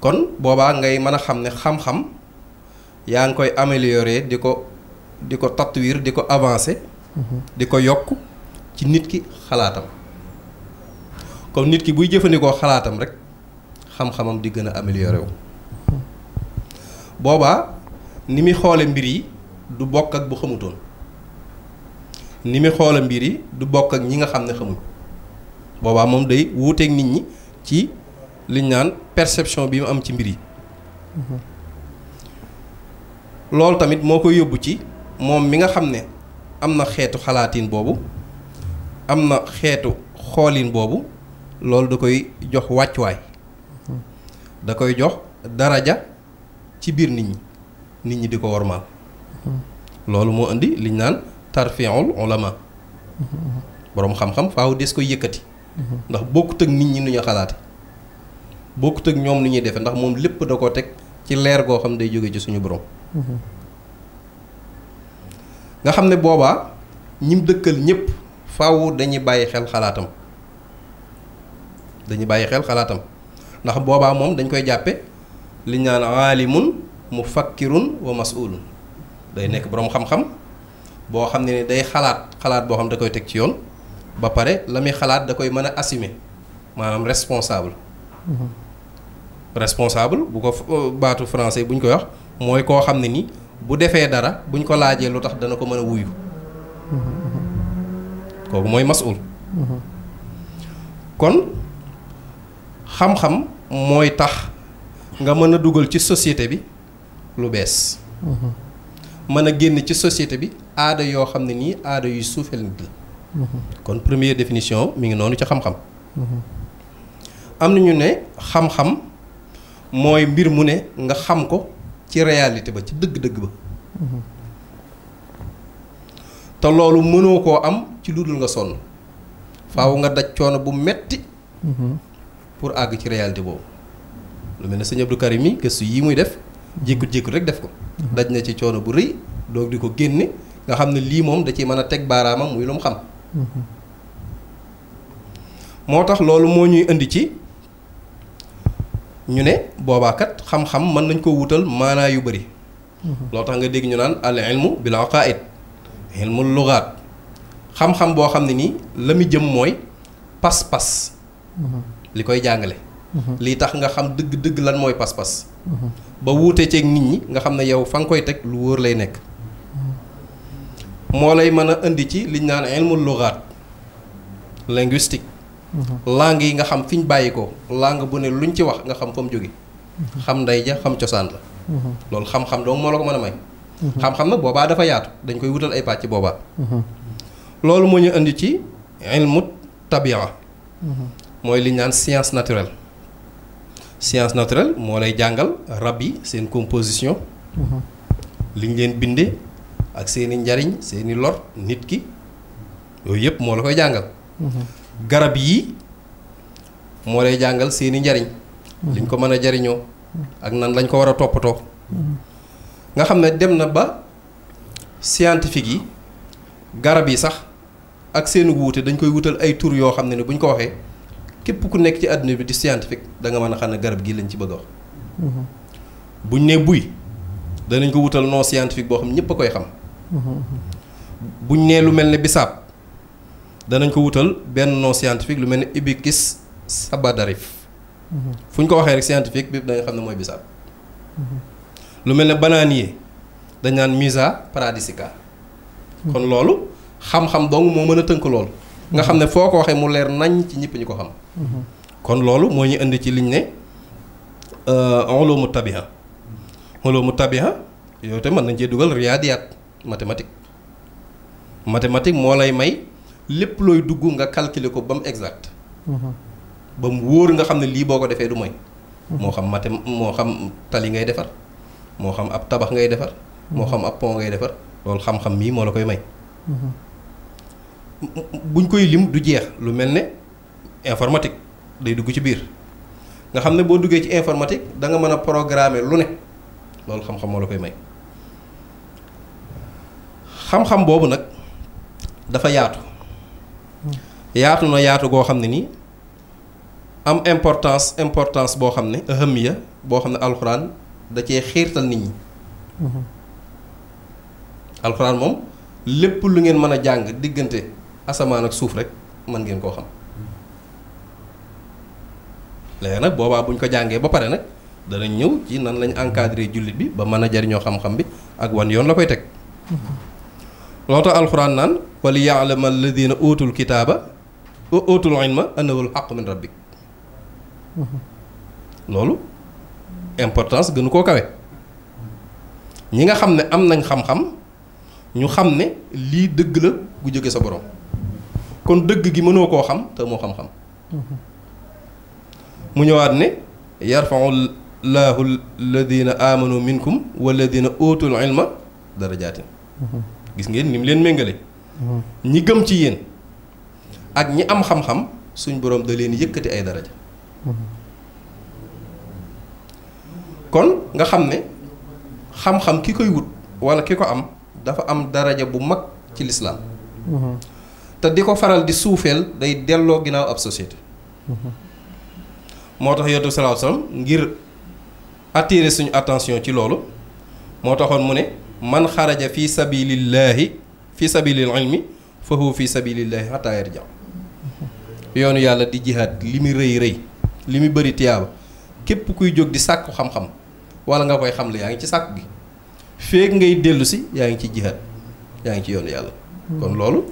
kon boobaa ngay mën a xam ne xam-xam yaa ngi koy améliorer di ko di ko tatwiir di ko avancé di ko yokk ci nit ki xalaatam kon nit ki buy jëfandikoo xalaatam rek xam-xamam di gën a amélioré wu boobaa ni muy xoole mbir yi du bokk ak bu xamutoon ni muy xoole mbir yi du bokk ak ñi nga xam ne xamuñ boobaa moom day wuuteeg nit ñi ci liñ naan perception bi mu am ci mbir yi loolu tamit moo koy yóbbu ci moom mi nga xam ne am na xeetu xalaatin boobu am na xeetu xoolin boobu loolu da koy jox wàccuwaay da koy jox daraja ci biir nit ñi nit ñi di ko wormaal loolu moo indi liñ naan tarfiul ulama boroom xam-xam faaw des koy yëkkati ndax bokkut ak nit ñi nu ñu xalaate bokkut ak ñoom nu ñuy defe ndax moom lépp da ko teg ci leer goo xam day jóge ci suñu borom nga xam ne boobaa ñim dëkkal ñépp faaw dañuy bàyyi xel xalaatam dañuy bàyyi xel xalaatam ndax boobaa moom dañ koy jàppe li ñu naan aalimun mufakkirun wa mas'ulun day nekk boroom xam-xam boo xam ne ni day xalaat xalaat boo xam da koy teg ci yoon ba pare la muy xalaat da koy mën a assumer maanaam responsable responsable bu ko baatu français bu ñu koy wax mooy koo xam ne ni bu defee dara buñ ko laajee lu tax dana ko mën a wuyu mm-hmm. kooku mooy masul mm-hmm. kon xam-xam mooy tax nga mën a dugal ci société bi lu bees. Mhm. mën a génn ci société bi aada yoo xam ne nii aada yuy suufeel nit la. Mhm. kon première définition mi ngi noonu ci xam-xam. Mhm. am na ñu ne xam-xam mooy mbir mu ne nga xam ko ci réalité ba ci dëgg-dëgg ba. te loolu mënoo koo am ci lu dul nga sonn faaw nga daj coono bu metti pour àgg ci réalité boobu lu mel ne sëñ Abdou Karim yi yii muy def jékkut-jékkut rek def ko daj na ci coono bu rëy doog di ko génne nga xam ne lii moom da ciy mën a teg baaraamam muy lu mu xam moo tax loolu moo ñuy indi ci ñu ne boobaakat xam-xam mën nañ ko wutal maanaa yu bëri loo tax nga dégg ñu naan al ilmu bil aqaid ilmu lugaat xam-xam boo xam ne nii la mu jëm mooy pas-pas li koy jàngale. Mhm. lii tax nga xam dëgg-dëgg lan mooy pas-pas. Mhm. ba wuute ceeg nit ñi nga xam ne yow fa nga koy teg lu wóor lay nekk. Mhm. moo lay mën a indi ci liñ naan ilmul lugaat linguistique. langue yi nga xam fi ñu bàyyi ko langue bu ne luñ ci wax nga xam fa mu jóge xam ndey ja xam cosaan la. loolu xam-xam dong moo la ko mën a may. xam-xam nag boobaa dafa yaatu dañ koy wutal ay pàcc boobaa. loolu moo ñu indi ci ilmu tabia mooy liñ naan science naturelle science naturelle moo lay jàngal rab yi seen composition. Mhm. li ñu leen bindee ak seeni njariñ seeni lor nit ki yooyu yëpp moo la koy jàngal. Mhm. garab yi moo lay jàngal seeni njariñ. Mhm. liñ ko mën a jariñoo. ak nan lañ ko war a toppatoo. nga xam ne dem na ba scientifique yi garab yi sax ak seen wuute dañ koy wutal ay tur yoo xam ne ni buñ ko waxee. képp ku nekk ci àdduna bi di scientifique da mën a xam ne garab gii lañ ci bëgg a wax. Mhm. buñ buy danañ ko wutal non scientifique boo xam ñëpp a koy xam. Mhm. buñ nee lu mel ne bisaab danañ ko wutal benn non scientifique lu mel ne ibikis sabadarif. Mhm. fu ñu ko waxee rek scientifique bi da nga xam ne mooy bisaab. lu mel ne banaanier dañ naan Misa paradisica. kon loolu xam-xam dong moo mën a tënk loolu. nga xam ne foo ko waxee mu leer nañ ci ñëpp ñu ko xam. kon loolu moo ñu indi ci liñ ne euh, ulumu tabiha mu tabiha yooyu te mën nañ cee dugal riyaadiyaat mathématique mathématique moo lay may lépp looy dugg nga calculer ko ba mu exact mhm. ba mu wóor nga xam ne lii boo ko defee du mooy moo xam maté moo xam tali ngay defar moo xam ab tabax ngay defar moo xam ab pont ngay defar loolu xam-xam mii moo la koy may mhm. buñ koy lim du jeex lu mel ne informatique day dugg ci biir nga xam ne boo duggee ci informatique danga mën a programmer lu ne loolu xam-xam moo la koy may xam-xam boobu nag dafa yaatu yaatu na yaatu goo xam ne nii am importance importance boo xam ne ahamiya boo xam ne alxuraan da cee xiirtal nit ñi mhm. alxuraan moom lépp lu ngeen mën a jàng diggante asamaan ak suuf rek mën ngeen koo xam léegi nag boobaa bu ñu ko jàngee ba pare nag danañ ñëw ci nan lañu encadré jullit bi ba mën a jariñoo xam-xam bi ak wan yoon la koy teg loo tax alxuraan naan wali yaalama alladina utul kitaaba utul ilma annahul xaq min rabbik loolu importance gënu koo kawe ñi nga xam ne am nañ xam-xam ñu xam ne lii dëgg la gu jóge sa borom kon dëgg gi mënoo koo xam te moo xam-xam mu ñëwaat ne yarfau llahu alladina amanu minkum walladina utul ilma darajaatin gis ngeen ni leen méngale ñi gëm ci yéen ak ñi am xam-xam suñ boroom da leen yëkkati ay daraja kon nga xam ne xam-xam ki koy wut walla ki ko am dafa am daraja bu mag ci lislaam mhm. te di ko faral di suufeel day delloo ginnaaw ab société moo tax yonent bi sallallahu ngir attirer suñu attention ci loolu moo taxoon mu ne man xaraja fi sabilillahi fi sabilil ilmi fa huwa fi sabilillahi hatta yarja yoonu yàlla di jihaad li mu rëy rëy li mu bëri tiyaaba képp kuy jóg di sàkku xam-xam wala nga koy xam la yaa ngi ci sàkku gi feek ngay dellu si yaa ngi ci jihaad yaa ngi ci yoonu yàlla kon loolu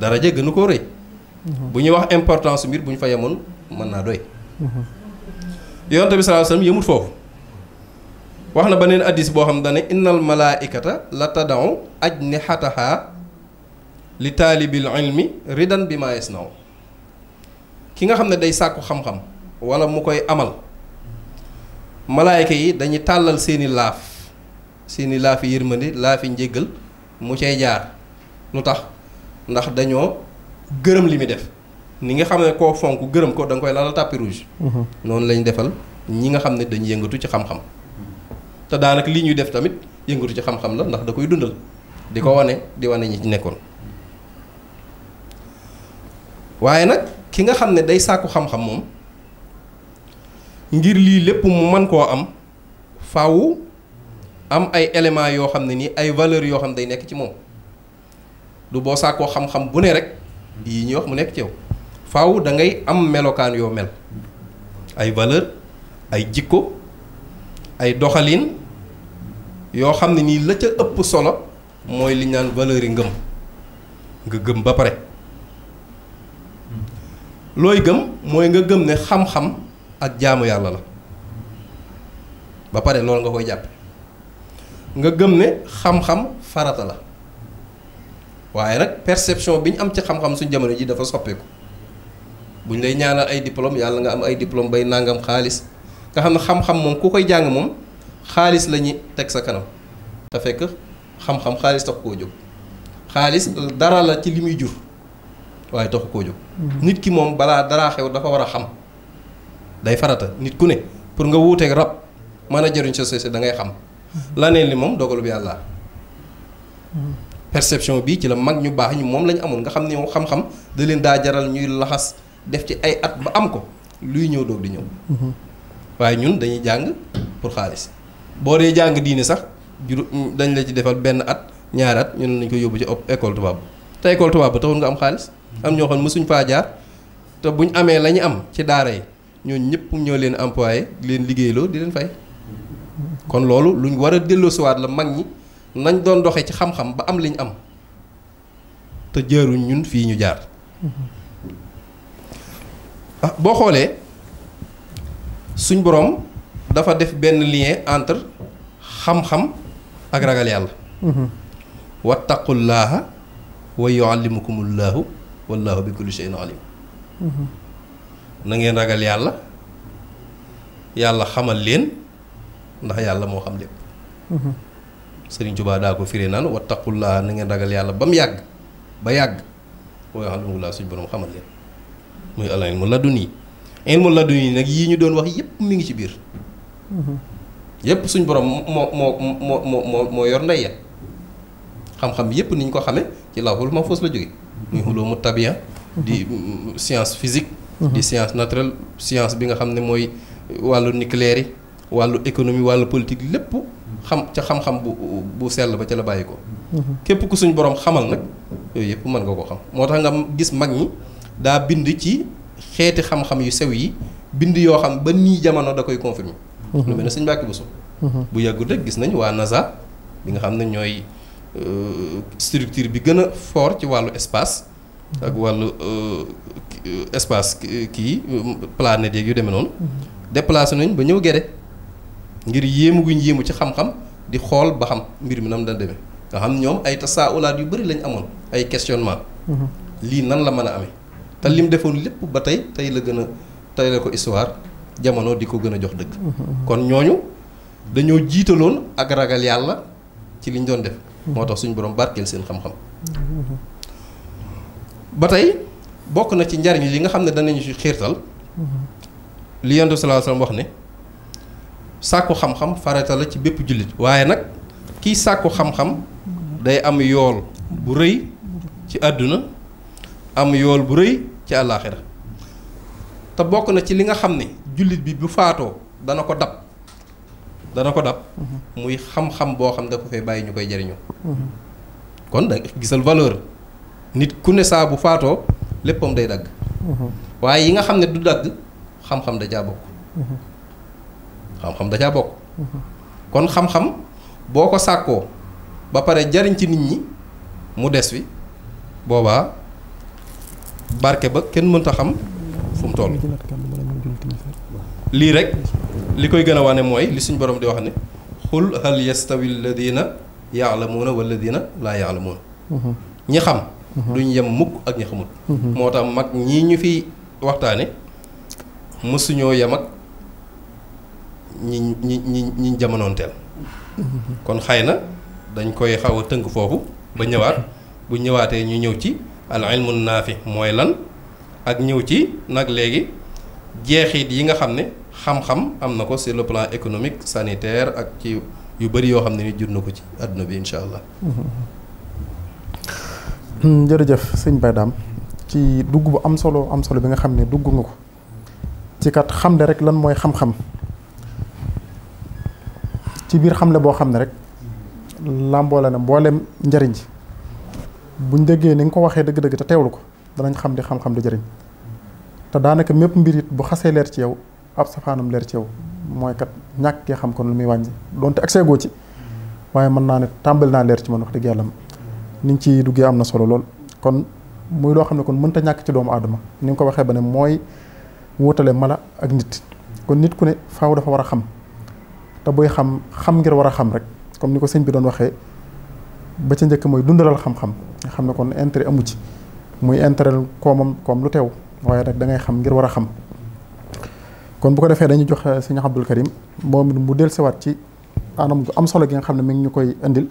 daraja gënu koo rëy mm-hmm. bu ñuy wax importance mbir bu ñu fa yemoon mën naa doy yonent bi sallallahu alayhi wasallam yëmut foofu wax na beneen hadiis boo xam dane innal malaaikata la tadaw ajnihataha li taalibil ilmi ridan bi ma yasnaw ki nga xam ne day sàkku xam-xam wala mu koy amal malaayka yi dañuy tàllal seeni laaf seeni laafi laa fi njéggal mu cay jaar lu tax ndax dañoo gërëm li muy def ni nga xam ne koo fonk gërëm ko da nga koy laal tapis rouge. Mhm. noonu lañu defal ñi nga xam ne dañ yëngatu ci xam-xam. te daanaka lii ñuy def tamit yëngatu ci xam-xam la ndax da koy dundal. di ko wane di wane ñi ci nekkoon. waaye nag ki nga xam ne day sàkku xam-xam moom ngir lii lépp mu mën koo am faaw am ay éléments yoo xam ne nii ay valeurs yoo xam ne day nekk ci moom du boo sàkkoo xam-xam bu ne rek yii ñuy wax mu nekk ci yow. faaw da ngay am melokaan yoo mel ay valeur ay jikko ay doxalin yoo xam ne nii la ca ëpp solo mooy liñ naan valeur yi ngëm nga gëm ba pare looy gëm mooy nga gëm ne xam-xam ak jaamu yàlla la ba pare loolu nga koy jàppe nga gëm ne xam-xam farata la waaye nag perception bi ñu am ci xam-xam suñ jamono ji dafa soppeeku bu ñu lay ñaanal ay diplôme yàlla nga am ay diplôme bay nangam xaalis nga xam ne xam-xam moom ku koy jàng moom xaalis lañuy teg sa kanam te fekk xam-xam xaalis tax koo jóg xaalis dara la ci li muy jur waaye taxu koo jóg. Mm-hmm. nit ki moom balaa daraa xew dafa war a xam day farata nit ku ne pour nga wuuteeg rab mën a jëriñ société da ngay xam mm-hmm. laneen li moom dogalub yàlla. Mm-hmm. perception bi ci la mag ñu baax ñu moom la ñu amoon nga xam ne moom xam-xam leen daa jaral ñuy laxas. def ci ay at ba am ko luy ñëw doog di ñëw. Mhm. waaye ñun dañuy jàng pour xaalis boo dee jàng diine sax juróom dañ la ci defal benn at ñaari at ñun nañ ko yóbbu ci école tubaab te école tubaab ba taxul nga am xaalis. am ñoo xam ne mësuñ faa jaar te buñ amee la ñu am ci daara yi ñooñu ñëpp ñoo leen employé di leen liggéeyloo di leen fay. kon loolu luñ war a delloosiwaat la mag ñi nañ doon doxee ci xam-xam ba am liñ am te jëruñ ñun fii ñu jaar. Mhm. Ah, boo xoolee suñ boroom dafa def benn lien entre xam-xam ak ragal yàlla mhm. wattaqullaaha wa yuallimukumullaahu wallaahu bi kulli shay'in alim mhm. na ngeen ragal yàlla yàlla xamal leen ndax yàlla moo xam lépp mhm. Sëriñ jubaa daa ko firee naan wattaqullaaha na ngeen ragal yàlla ba mu yàgg ba yàgg wa yuallimukumullaahu suñ boroom xamal leen muy al ilmu laduni ilmu laduni nag yii ñu doon wax yëpp mi ngi ci biir mhm. yëpp suñ borom moo moo moo moo yor ndey ya yëpp ni ko xamee ci lawhul mahfuz la jóge muy mhm. ulumut tabia di mhm. science physique di bi nga xam ne mooy wàllu nucléaire wàllu économie wàllu politique lépp xam ca xam bu bu sell ba ca bàyyi ko képp ku suñ borom xamal nag yëpp mën nga moo tax nga gis mag ñi daa bind ci xeeti xam-xam yu sew yi bind yoo xam ba nii jamono da koy confirmer mhm. lu mel sëñ Mbàkke Buso mhm. bu yàggul rek gis nañ waa NASA bi nga xam ne ñooy euh, structure bi gën a fort ci wàllu espace mhm. ak wàllu euh, espace kii planète yeeg yu demee noonu déplacé nañ ba ñëw Guédé ngir yéemu guñ yéemu ci xam-xam di xool ba xam mbir mi nam da demee nga xam ñoom ay tasaawulaat yu bëri lañ amoon ay questionnement lii nan la mën a amee te lim defoon lépp ba tey tey la gën a tey la ko histoire jamono di ko gën a jox dëkk kon ñooñu dañoo jiitaloon ak ragal yàlla ci liñ doon def. moo tax suñu borom barkeel seen xam-xam. ba tey bokk na ci njariñ li nga xam ne danañu ci xiirtal. li yonent bi wax ne sàkku xam-xam farata la ci bépp jullit waaye nag kiy sàkku xam-xam day am yool bu rëy ci àdduna am yool bu rëy ci àllaaxira te bokk na ci li nga xam ne jullit bi bu faatoo dana ko dab dana ko dab mhm. muy xam-xam boo xam da ko fay bàyyi ñu koy jëriñoo mhm. kon da gisal valeur nit ku ne saa bu faatoo léppam day dagg mhm. waaye yi nga xam ne du dagg xam da caa bokk xam-xam da caa bokk kon xam-xam boo ko sàkkoo ba pare jariñ ci nit ñi mu des wi boobaa barke ba kenn mënta xam fu mu lii rek li koy gën a wane mooy li suñ borom di wax ne xul hal yastawi alladina yaalamuuna walladina laa yaalamuuna ñi xam duñ yem mukk ak ñi xamul moo tax mag ñii ñu fi waxtaane mësuñoo yem ak ñi ñi ñi ñi jamonoonteel kon xay na dañ koy xaw a tënk foofu ba ñëwaat bu ñëwaatee ñu ñëw ci al ilmu naafi mooy lan ak ñëw ci nag léegi jeexit yi nga xam ne xam-xam am na ko sur le plan économique sanitaire ak ci yu bari yoo xam ne ni jur na ko ci àdduna bi incha allah. Mm-hmm. Mm-hmm. jërëjëf sëñ Baye Dame ci dugg bu am solo am solo bi nga xam ne dugg nga ko ci kat xam ne rek lan mooy xam-xam ci biir xam xamle boo xam ne rek làmboo la ne mboolem njëriñ ji buñ déggee ni nga ko waxee dëgg-dëgg te teewlu ko danañ xam di xam-xam di jëriñ te daanaka mépp mbir it bu xasee leer ci yow ab safaanam leer ci yow mooy kat ñàkk kee xam kon lu muy wàññi donte ak goo ci waaye mën naa ne tàmbali naa leer ci man wax dëgg yàlla ni ñu ciy duggee am na solo lool kon muy loo xam ne kon mënta ñàkk ci doomu aadama ni nga ko waxee ba ne mooy wutale mala ak nit kon nit ku ne faaw dafa war a xam te buy xam xam ngir war a xam rek comme ni ko sëñ bi doon waxee ba ca njëkk mooy dundalal xam-xam nga xam ne kon intérêt amu ci muy intérêt koomam koom lu teew waaye nag dangay xam ngir war a xam kon bu ko defee dañu jox eh, sëñ Abdul Karim moom it mu dellusiwaat ci anam gu am solo gi nga xam ne mi ngi ñu koy indil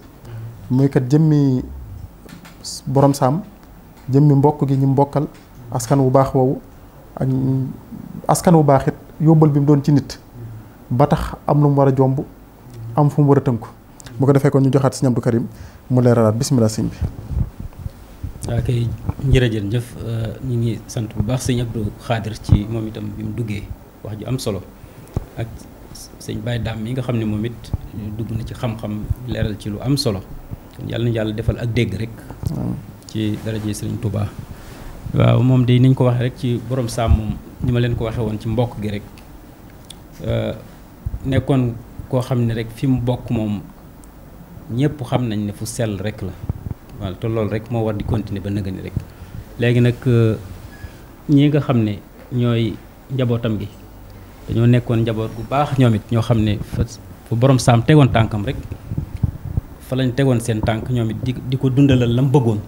muy kat jëmmi borom saam jëmmi mbokk gi ñu mbokkal askan wu baax woowu ak askan wu baax it bi mu doon ci nit ba tax am lu mu war a jomb am fu mu war a tënku bu ko defee kon ñu joxaat sëñ Abdul Karim mu leeralaat bisimilah sëñ bi. waaw kay jërëjëf euh, ñu ngi sant bu baax sëñ Abdou Khadir ci moom itam bi mu duggee wax ju am solo ak sëñ Baye Dame yi nga xam ne moom it dugg na ci xam-xam leeral ci lu am solo kon yàlla na yàlla defal ak dégg rek. ci daraje sëñ tubaa waaw moom de niñ ko waxee rek ci borom saam moom ni ma leen ko waxee woon ci mbokk gi rek euh, nekkoon koo xam ne rek fi mu bokk moom. ñépp xam nañ ne fu sel rek la waaw te loolu rek moo war di continuer ba nëgëni rek léegi nag euh, ñi nga xam ne ñooy njabootam gi dañoo nekkoon njaboot gu baax ñoom it ñoo xam ne fa fu boroom saam tegoon tànkam rek fa lañ tegoon seen tànk ñoom it di di ko dundalal lam bëggoon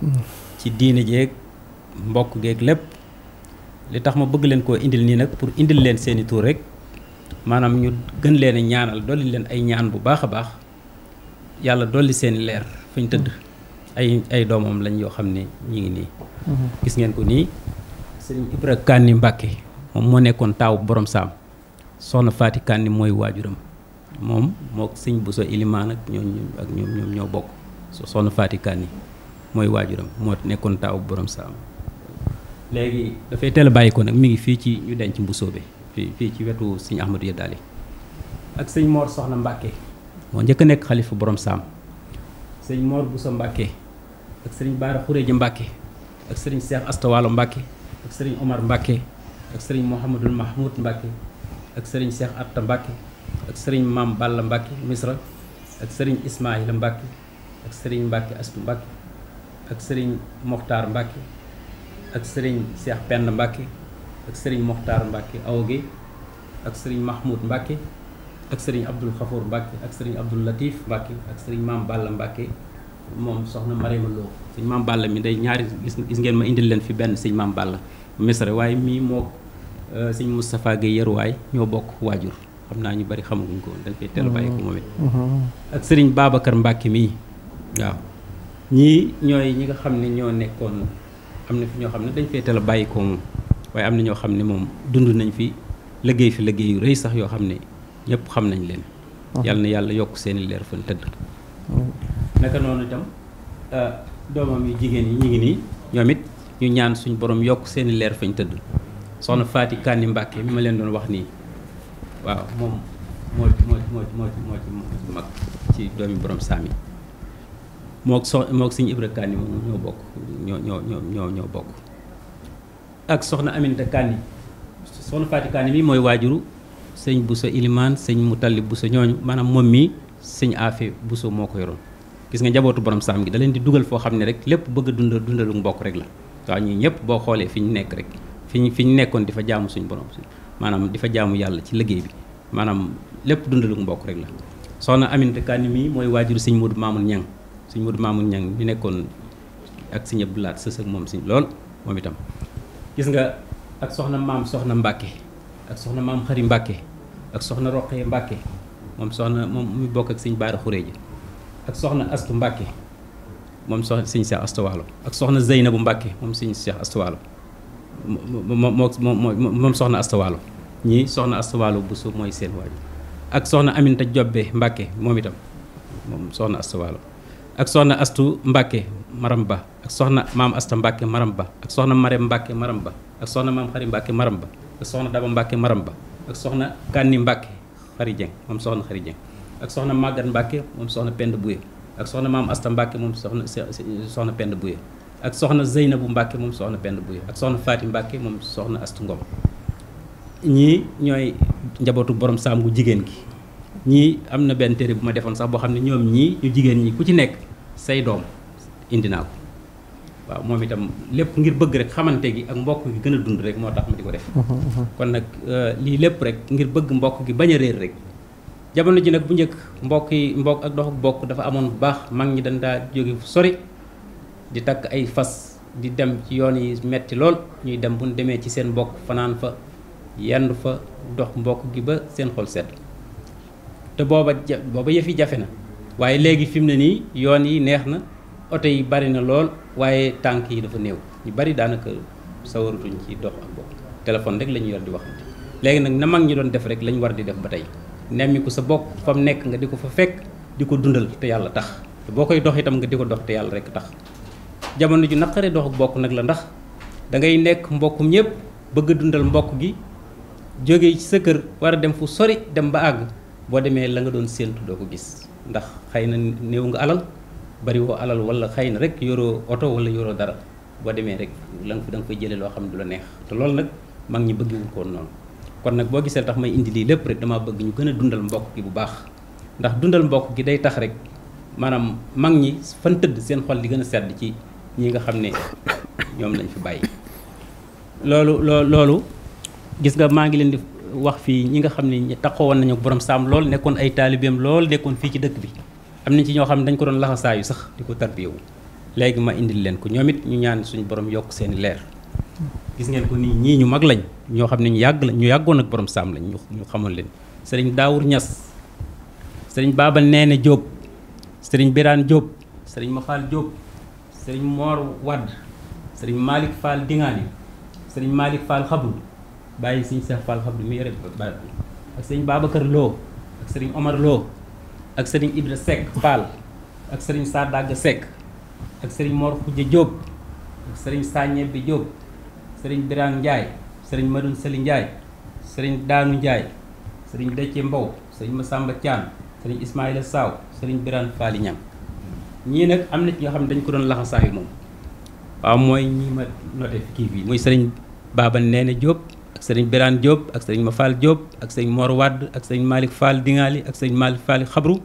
hmm. ci diine jeeg mbokk geeg lépp li tax ma bëgg leen koo indil nii nag pour indil leen seeni tuur rek maanaam ñu gën leen a ñaanal dolli leen ay ñaan bu baax a baax yàlla dolli seen leer fu tëdd ay ay doomam lañ yoo xam ne ñu ngi nii mhm. gis ngeen ko nii sëriñ Ibra Kani Mbàkke moom moo nekkoon taaw boroom saam soxna Faati Kani mooy waajuram moom moo sëñ Bousso Ilimaan ak ñoom so soxna Faati mooy waajuram moo nekkoon taaw borom saam léegi dafay teel a bàyyi ko nag mi ngi fii ci ñu denc mbuso bi fii ci wetu sëñ Ahmadou Yadali ak sëñ Mor soxna Mbàkke moo njëkk a nekk xalifa borom saam sëñ Mor Boussa Mbacke ak sëriñ Baara Xureeji Mbacke ak sëriñ Cheikh Astawalo Mbacke ak sëriñ Omar Mbacke ak sëriñ Mouhamadul Mahmoud Mbacke ak sëriñ Cheikh Atta Mbacke ak sëriñ Maam Balla Mbacke Misra ak sëriñ Ismaïla Mbacke ak sëriñ Mbacke Astu Mbacke ak sëriñ Mokhtar Mbacke ak sëriñ Cheikh Penda Mbacke ak sëriñ Mokhtar Mbacke Awoge ak sëriñ Mahmoud Mbacke ak sëriñ Abdul Xafoor Mbàkke ak sëriñ Abdul Latif Mbàkke ak sëriñ Maam Balla Mbàkke moom soxna Marema Lo sëñ Maam Balla mi day ñaari gis ngeen ma indil leen fi benn sëñ Maam Balla misra waaye mii moo euh, sëñ Moustapha Guèye Yeruwaay ñoo bokk waajur xam naa ñu bari xamaguñ ko dañ koy a bàyyi mm-hmm. ak sëriñ Babacar Mbàkke mii waaw ñi nga xam ne ñoo nekkoon am na fi ñoo xam ne dañ fee teel a bàyyi ko moom waaye am na ñoo xam ne moom dund nañ fi liggéey fi liggéeyu yu rëy sax yoo xam ne ñëpp xam nañ leen ah. yàlla na yàlla yokk seeni leer fan tëdd ah. naka noonu itam ah, doomam yu jigéen yi ñu ngi nii ñoom it ñu ñaan suñu boroom yokk seeni leer fañ tëdd soxna Faati Kani Mbàkke mi ma leen doon wax nii waaw moom moo moo moo moo moo ci doomi borom saami mook mook Sëñ Ibra Kani moom ñoo bokk ñoo ñoo ñoo bokk ak soxna Aminta Kani soxna Faati Kani mooy waajuru sëñ Bousso Ilimane sëñ Moutalib Bousso ñooñu maanaam moom mii sëñ Afe Bousso moo ko yoroon gis nga njabootu borom saam gi da leen di dugal foo xam ne rek lépp bëgg dundal dundalu mbokk rek la waaw ñëpp boo xoolee fi ñu nekk rek fi ñu fi ñu nekkoon di fa jaamu borom maanaam di fa yàlla ci liggéey bi maanaam lépp dundalu mbokk rek la soxna Aminata Kani mii mooy waajuru sëñ Modou Mamoun Niang sëñ Modou Mamoun Niang mi nekkoon ak sëñ Abdoulaat sës ak moom sëñ lool moom itam gis nga ak soxna maam soxna Mbàkke ak soxna maam xari Mbàkke ak soxna roqee Mbàkke moom soxna moom mu bokk ak sëñ baara xuree ji ak soxna astu Mbàkke moom soxna sëñ Cheikh ak soxna Zeynabu Mbàkke moom sëñ Cheikh Asta Waalo moom soxna Asta Waalo ñii soxna Asta bu su mooy seen ak soxna Aminta Jobbe Mbàkke moom itam moom ak soxna astu Mbàkke maram ba ak soxna maam asta Mbàkke maram ba ak soxna Marème Mbàkke maram ba ak soxna maam xari Mbàkke maram ba ak soxna Daba Mbacke Maram Ba ak soxna Kanni Mbacke Xari moom soxna Xari ak soxna Maguette Mbacke moom soxna pend Bouye ak soxna Maam Asta Mbacke moom soxna soxna Penda Bouye ak soxna Zeynabu Mbacke moom soxna Penda Bouye ak soxna Faati Mbacke moom soxna Astu Ngom ñii ñooy njabootu borom saam gu jigéen gi ñii am na benn téere bu ma defoon sax boo xam ne ñoom ñii ñu jigéen ñi ku ci nekk say doom indi naa ko waaw moom itam lépp ngir bëgg rek xamante gi ak mbokk gi gën a dund rek moo tax ma di ko def mm-hmm, mm-hmm. kon nag euh, lii lépp rek ngir bëgg mbokk gi bañ a réer rek jamono ji nag bu njëkk mbokk yi mbokk ak dox ak bokk dafa amoon bu baax mag ñi dañ daa jóge fu sori di takk ay fas di dem ci yoon yi metti lool ñuy dem bu ñu demee ci seen mbokk fanaan fa yenn fa dox mbokk gi ba seen xol sedd te booba booba yëf yi jafe na waaye léegi fi ne nii yoon yi neex na oto yi bari na lool waaye tànk yi dafa néew ñu bari daanaka sawaratuñ ci dox ak bokk téléphone rek la ñu yor di waxante léegi nag na mag ñi doon def rek lañ war di def ba tey nemmiku sa bokk fa mu nekk nga di ko fa fekk di ko dundal te yàlla tax te boo koy dox itam nga di ko dox te yàlla rek tax jamono ju naqaree dox ak bokk nag la ndax da ngay nekk mbokkum ñëpp bëgg a dundal mbokk gi jóge ci sa kër war a dem fu sori dem ba àgg boo demee la nga doon séentu doo ko gis ndax xëy na néew nga alal bariwoo woo alal wala xëy rek yoroo oto wala yoroo dara boo demee rek la nga da nga fay jëlee loo xam ne du la neex te loolu nag mag ñi bëggiwul koon noonu kon nag boo gisee tax may indi lii lépp rek damaa bëgg ñu gën a dundal mbokk gi bu baax ndax dundal mbokk gi day tax rek maanaam mag ñi fan tëdd seen xol di gën a sedd ci ñi nga xam ne ñoom lañ fi bàyyi loolu loo loolu gis nga maa ngi leen di wax fii ñi nga xam ne taxawoon nañu borom saam lool nekkoon ay taalibeem lool nekkoon fii ci dëkk bi am na ci ñoo xam ne dañ ko doon laxasaayu sax di ko tarbiyewu léegi ma indil leen ko ñoom it ñu ñaan suñu boroom yokk seeni leer gis ngeen ko nii ñii ñu mag lañ ñoo xam ne ñu yàgg lañ ñu yàggoon ak borom saam lañ ñu xamoon leen sëriñ Daawur Ñas sëriñ Baaba Neene Jóob sëriñ Biraan Jóob sëriñ Mafaal Jóob sëriñ Moor Wadd sëriñ Malick Fall Dingaani sëriñ Malick Fall Xabdu bàyyi sëriñ Seex Fall Xabdu mi yore baat bi ak sëriñ Babacar Lo ak sëriñ Omar Lo ak sëriñ Ibra Seck Fall ak sëriñ Sadaga Seck ak sëriñ Mor Khoudia jóob ak sëriñ Sañebe jóob sëriñ Birane Ndiaye sëriñ Madoune Sali Ndiaye sëriñ Daanu Ndiaye sëriñ Dethie Mbow sëriñ Massamba Thiam sëriñ Ismaïla saaw sëriñ Birane Fall Niang ñii nag am na ci ñoo xam ne dañ ko doon laxasaayu moom waaw mooy ñi ma noté fi kii bi muy sëriñ Baba Nene Diop ak sëriñ Birane Diop ak sëriñ Mafal Diop ak sëriñ Mor Wadd ak sëriñ Malick Fall Dingaali ak sëriñ Malick Fall Xabru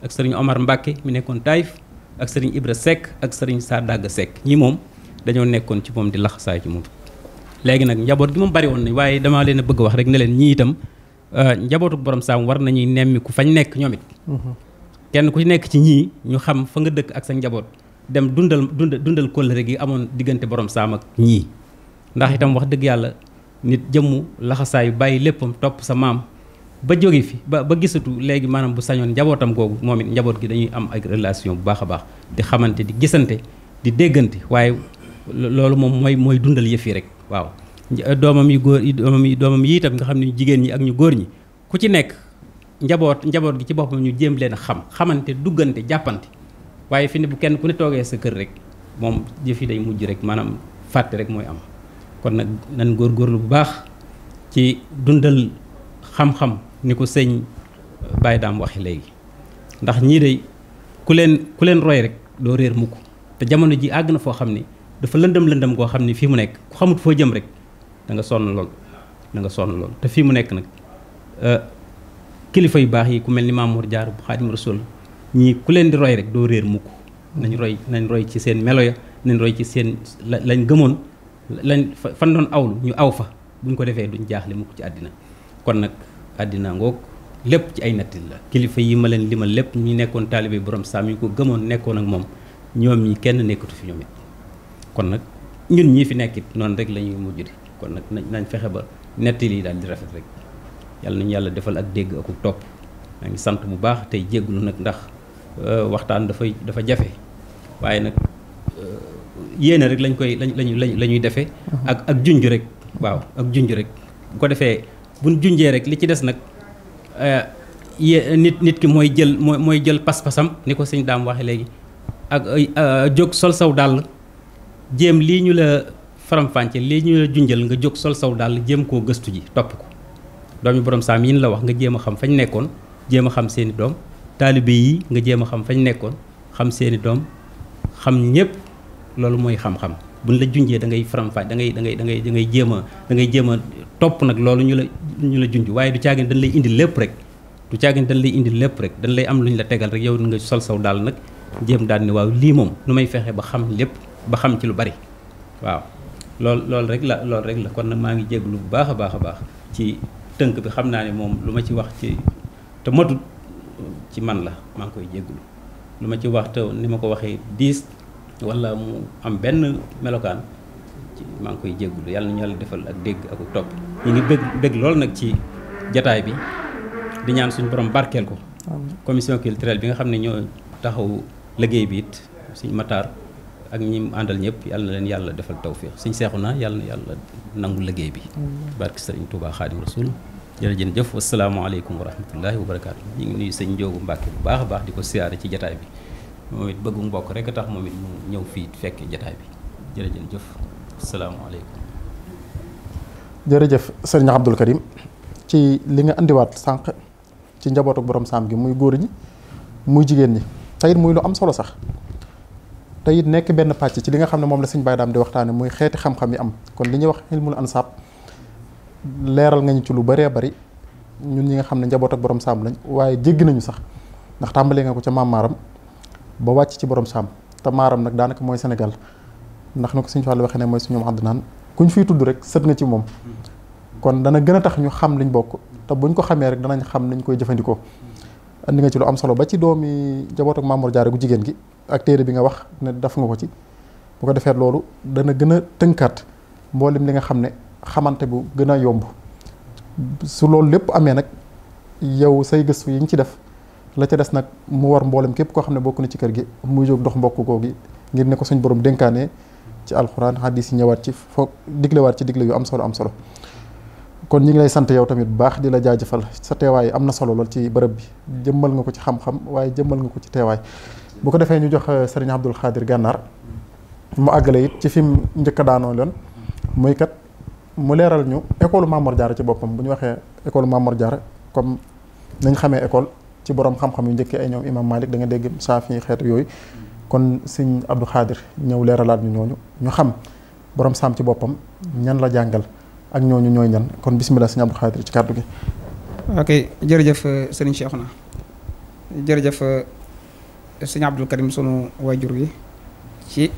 ak sëriñ Omar Mbacke mi nekkoon Taïf ak sëriñ Ibra Seck ak sëriñ Sadaga sekk ñi moom dañoo nekkoon ci moom di laxasaay ci moom. léegi nag njaboot gi moom bari woon nañ waaye damaa leen a bëgg wax rek ne leen ñii itam euh, njabootu borom saam war nañuy nemmiku fañ nekk ñoom it. Mhm. kenn ku nekk ci ñii ñu xam fa nga dëkk ak sa njaboot dem dundal dundal kóllëre gi amoon diggante borom saam ak ñii ndax itam wax dëgg nit jëmmu laxasaayu bàyyi léppam topp sa maam ba jóge fi ba ba gisatu léegi maanaam bu sañoon njabootam googu moom it njaboot gi dañuy am ak relation bu baax a baax di xamante di gisante di déggante waaye loolu moom mooy mooy dundal yëf yi rek waaw doomam yi góor yi doomam yi doomam yi nga xam ne jigéen ñi ak ñu góor ñi ku ci nekk njaboot njaboot gi ci boppam ñu jéem leen xam xamante duggante jàppante waaye fi ne bu kenn ku ne toogee sa kër rek moom jëf day mujj rek maanaam fàtte rek mooy am kon nag góor góorgóorlu bu baax ci dundal xam-xam ni ko sëñ Baye Dame waxe léegi ndax ñii de ku leen ku leen roy rek doo réer mukk te jamono ji àgg na foo xam ni dafa lëndëm lëndëm goo xam ni fii mu nekk xamut foo jëm rek da nga sonn lool da nga te fii mu nekk nag euh, kilifa yu baax yi ku mel ni Mamour Diarra bu Xaadim Rasul ñii ku leen di roy rek doo réer mukk nañ roy nañ roy ci seen melo ya nañ roy ci seen lañ gëmoon fa fan doon awlu ñu aw fa buñ ko defee duñ jaaxle mukk ci àddina kon nag àddina ngoog lépp ci ay nattil la kilifa yi ma leen limal lépp ñu nekkoon taalibe borom saam yu ko gëmoon nekkoon ak moom ñoom ñi kenn nekkatu fi ñoom kon nag ñun ñii fi nekkit noonu rek la ñuy mujj di kon nag nañ fexe ba nettil yi daal di rafet rek yàlla nañu yàlla defal ak dégg aku topp maa ngi sant bu baax tey jégglu nag ndax euh, waxtaan dafay dafa jafe waaye nag yéene rek lañ koy lañ lañ la ñuy defee. Uh-huh. ak ak junj rek. waaw ak junj rek bu ko defee buñ junjee rek li ci des nag eh, yé nit nit ki mooy jël mooy mooy jël pas-pasam ni ko sëñ daam waxee léegi ak eh, eh, jóg sol saw dàll jéem lii ñu la faramfànce fàcce lii ñu la junjal nga jóg sol saw dàll jéem koo gëstu ji topp ko doomi borom saam yi ñu la wax nga jéem a xam fañ nekkoon jéem a xam seeni doom taalibe yi nga jéem a xam fañ nekkoon xam seeni doom xam ñëpp. loolu mooy xam-xam buñ la junjee da ngay faram-fàcce da ngay da ngay da ngay jéem a da jéem topp nag loolu ñu la ñu la junj waaye du caagin dañ lay indi lépp rek du caagin dañ lay indi lépp rek dañ lay am lu ñu la tegal rek yow nga sol saw daal nag jéem daal ni waaw lii moom nu may fexe ba xam lépp ba xam ci lu bari waaw lool loolu rek la loolu rek la kon nag maa ngi jéglu bu baax a baax a baax ci tënk bi xam naa ne moom lu ma ci wax ci te motut ci man la maa ngi koy jéglu lu ma ci wax ni ma ko waxee diis wala mu am benn melokaan maa ngi koy jéggulu yàlla na ñu yàlla defal ak dégg ak topp ñu ngi bëgg bëgg lool nag ci jataay bi di ñaan suñu borom barkeel ko commission culturelle bi nga xam ne ñoo taxaw liggéey bi it suñ mataar ak ñi mu àndal ñëpp yàlla na leen yàlla defal tawfiix suñ seexu naa yàlla na yàlla nangu liggéey bi barke sëriñ Tuubaa Xaadim Rasuul jërëjëf wasalaamaaleykum wa rahmatullahi wa barakaatu ñu ngi nuyu sëñ Njoogu Mbàkke bu baax a baax di ci jataay bi moom it bëggu mbokk rek tax moom it ñëw fii fekkee jataay bi jërëjën jëf asalaamaaleykum jërëjëf sëriñ Abdul Karim ci li nga indiwaat sànq ci njabootu borom saam gi muy góor ñi muy jigéen ñi teyit muy lu am solo sax teyit nekk benn pàcc ci li nga xam ne moom la siñ Baye Dame di waxtaane muy xeeti xam-xam yi am kon li ñuy wax ilmul ansaab leeral nga ñu ci lu baree bari ñun ñi nga xam ne njaboot ak borom saam lañ waaye jéggi nañu sax ndax tàmbalee nga ko ca maam ba wàcc ci borom saam te maaram nag daanaka mooy Sénégal ndax na ko suñu xel waxee ne mooy suñu àddunaan kuñ fiy tudd rek sët nga ci moom. kon dana gën a tax ñu xam liñ bokk te buñ ko xamee rek danañ xam niñ koy jëfandikoo. andi nga ci lu am solo ba ci doomi jaboot ak Mamour jaare gu jigéen gi ak téere bi nga wax ne def nga ko ci bu ko defee loolu dana gën a tënkaat mboolem li nga xam ne xamante bu gën a yomb su loolu lépp amee nag yow say yi nga ci def. la ca des nag mu war mboolem képp koo xam ne bokk na ci kër gi muy jóg dox mbokk googi ngir ne ko suñ borom dénkaane ci alxuraan xadis yi ñëwaat ci foog diglewaat ci digle yu am solo am solo kon ñu ngi lay sant yow tamit bu baax di la jaajëfal sa teewaay am na solo lool ci bërëb bi jëmmal nga ko ci xam-xam waaye jëmmal nga ko ci teewaay bu ko defee ñu jox euh, sëriñ Abdul Xaadir Gànnaar mu àggale it ci fi mu njëkk a daanoo loon muy kat mu leeral ñu école Mamor Diarra ci boppam bu ñu waxee école Mamor Diarra comme nañ xamee école ci borom xam-xam yu njëkk ay ñoom imam Malik danga nga dégg saafi xeetu yooyu kon sëñ Abdou Khadir ñëw leeralaat ñu ñooñu ñu xam boroom saam ci boppam ñan la jàngal ak ñooñu ñooy ñan kon bisimilah sëñ Abdou Khadir ci kàddu gi. ok jërëjëf euh, sëriñ Cheikhouna jërëjëf euh, sëñ Abdou Karim sunu jur gi ci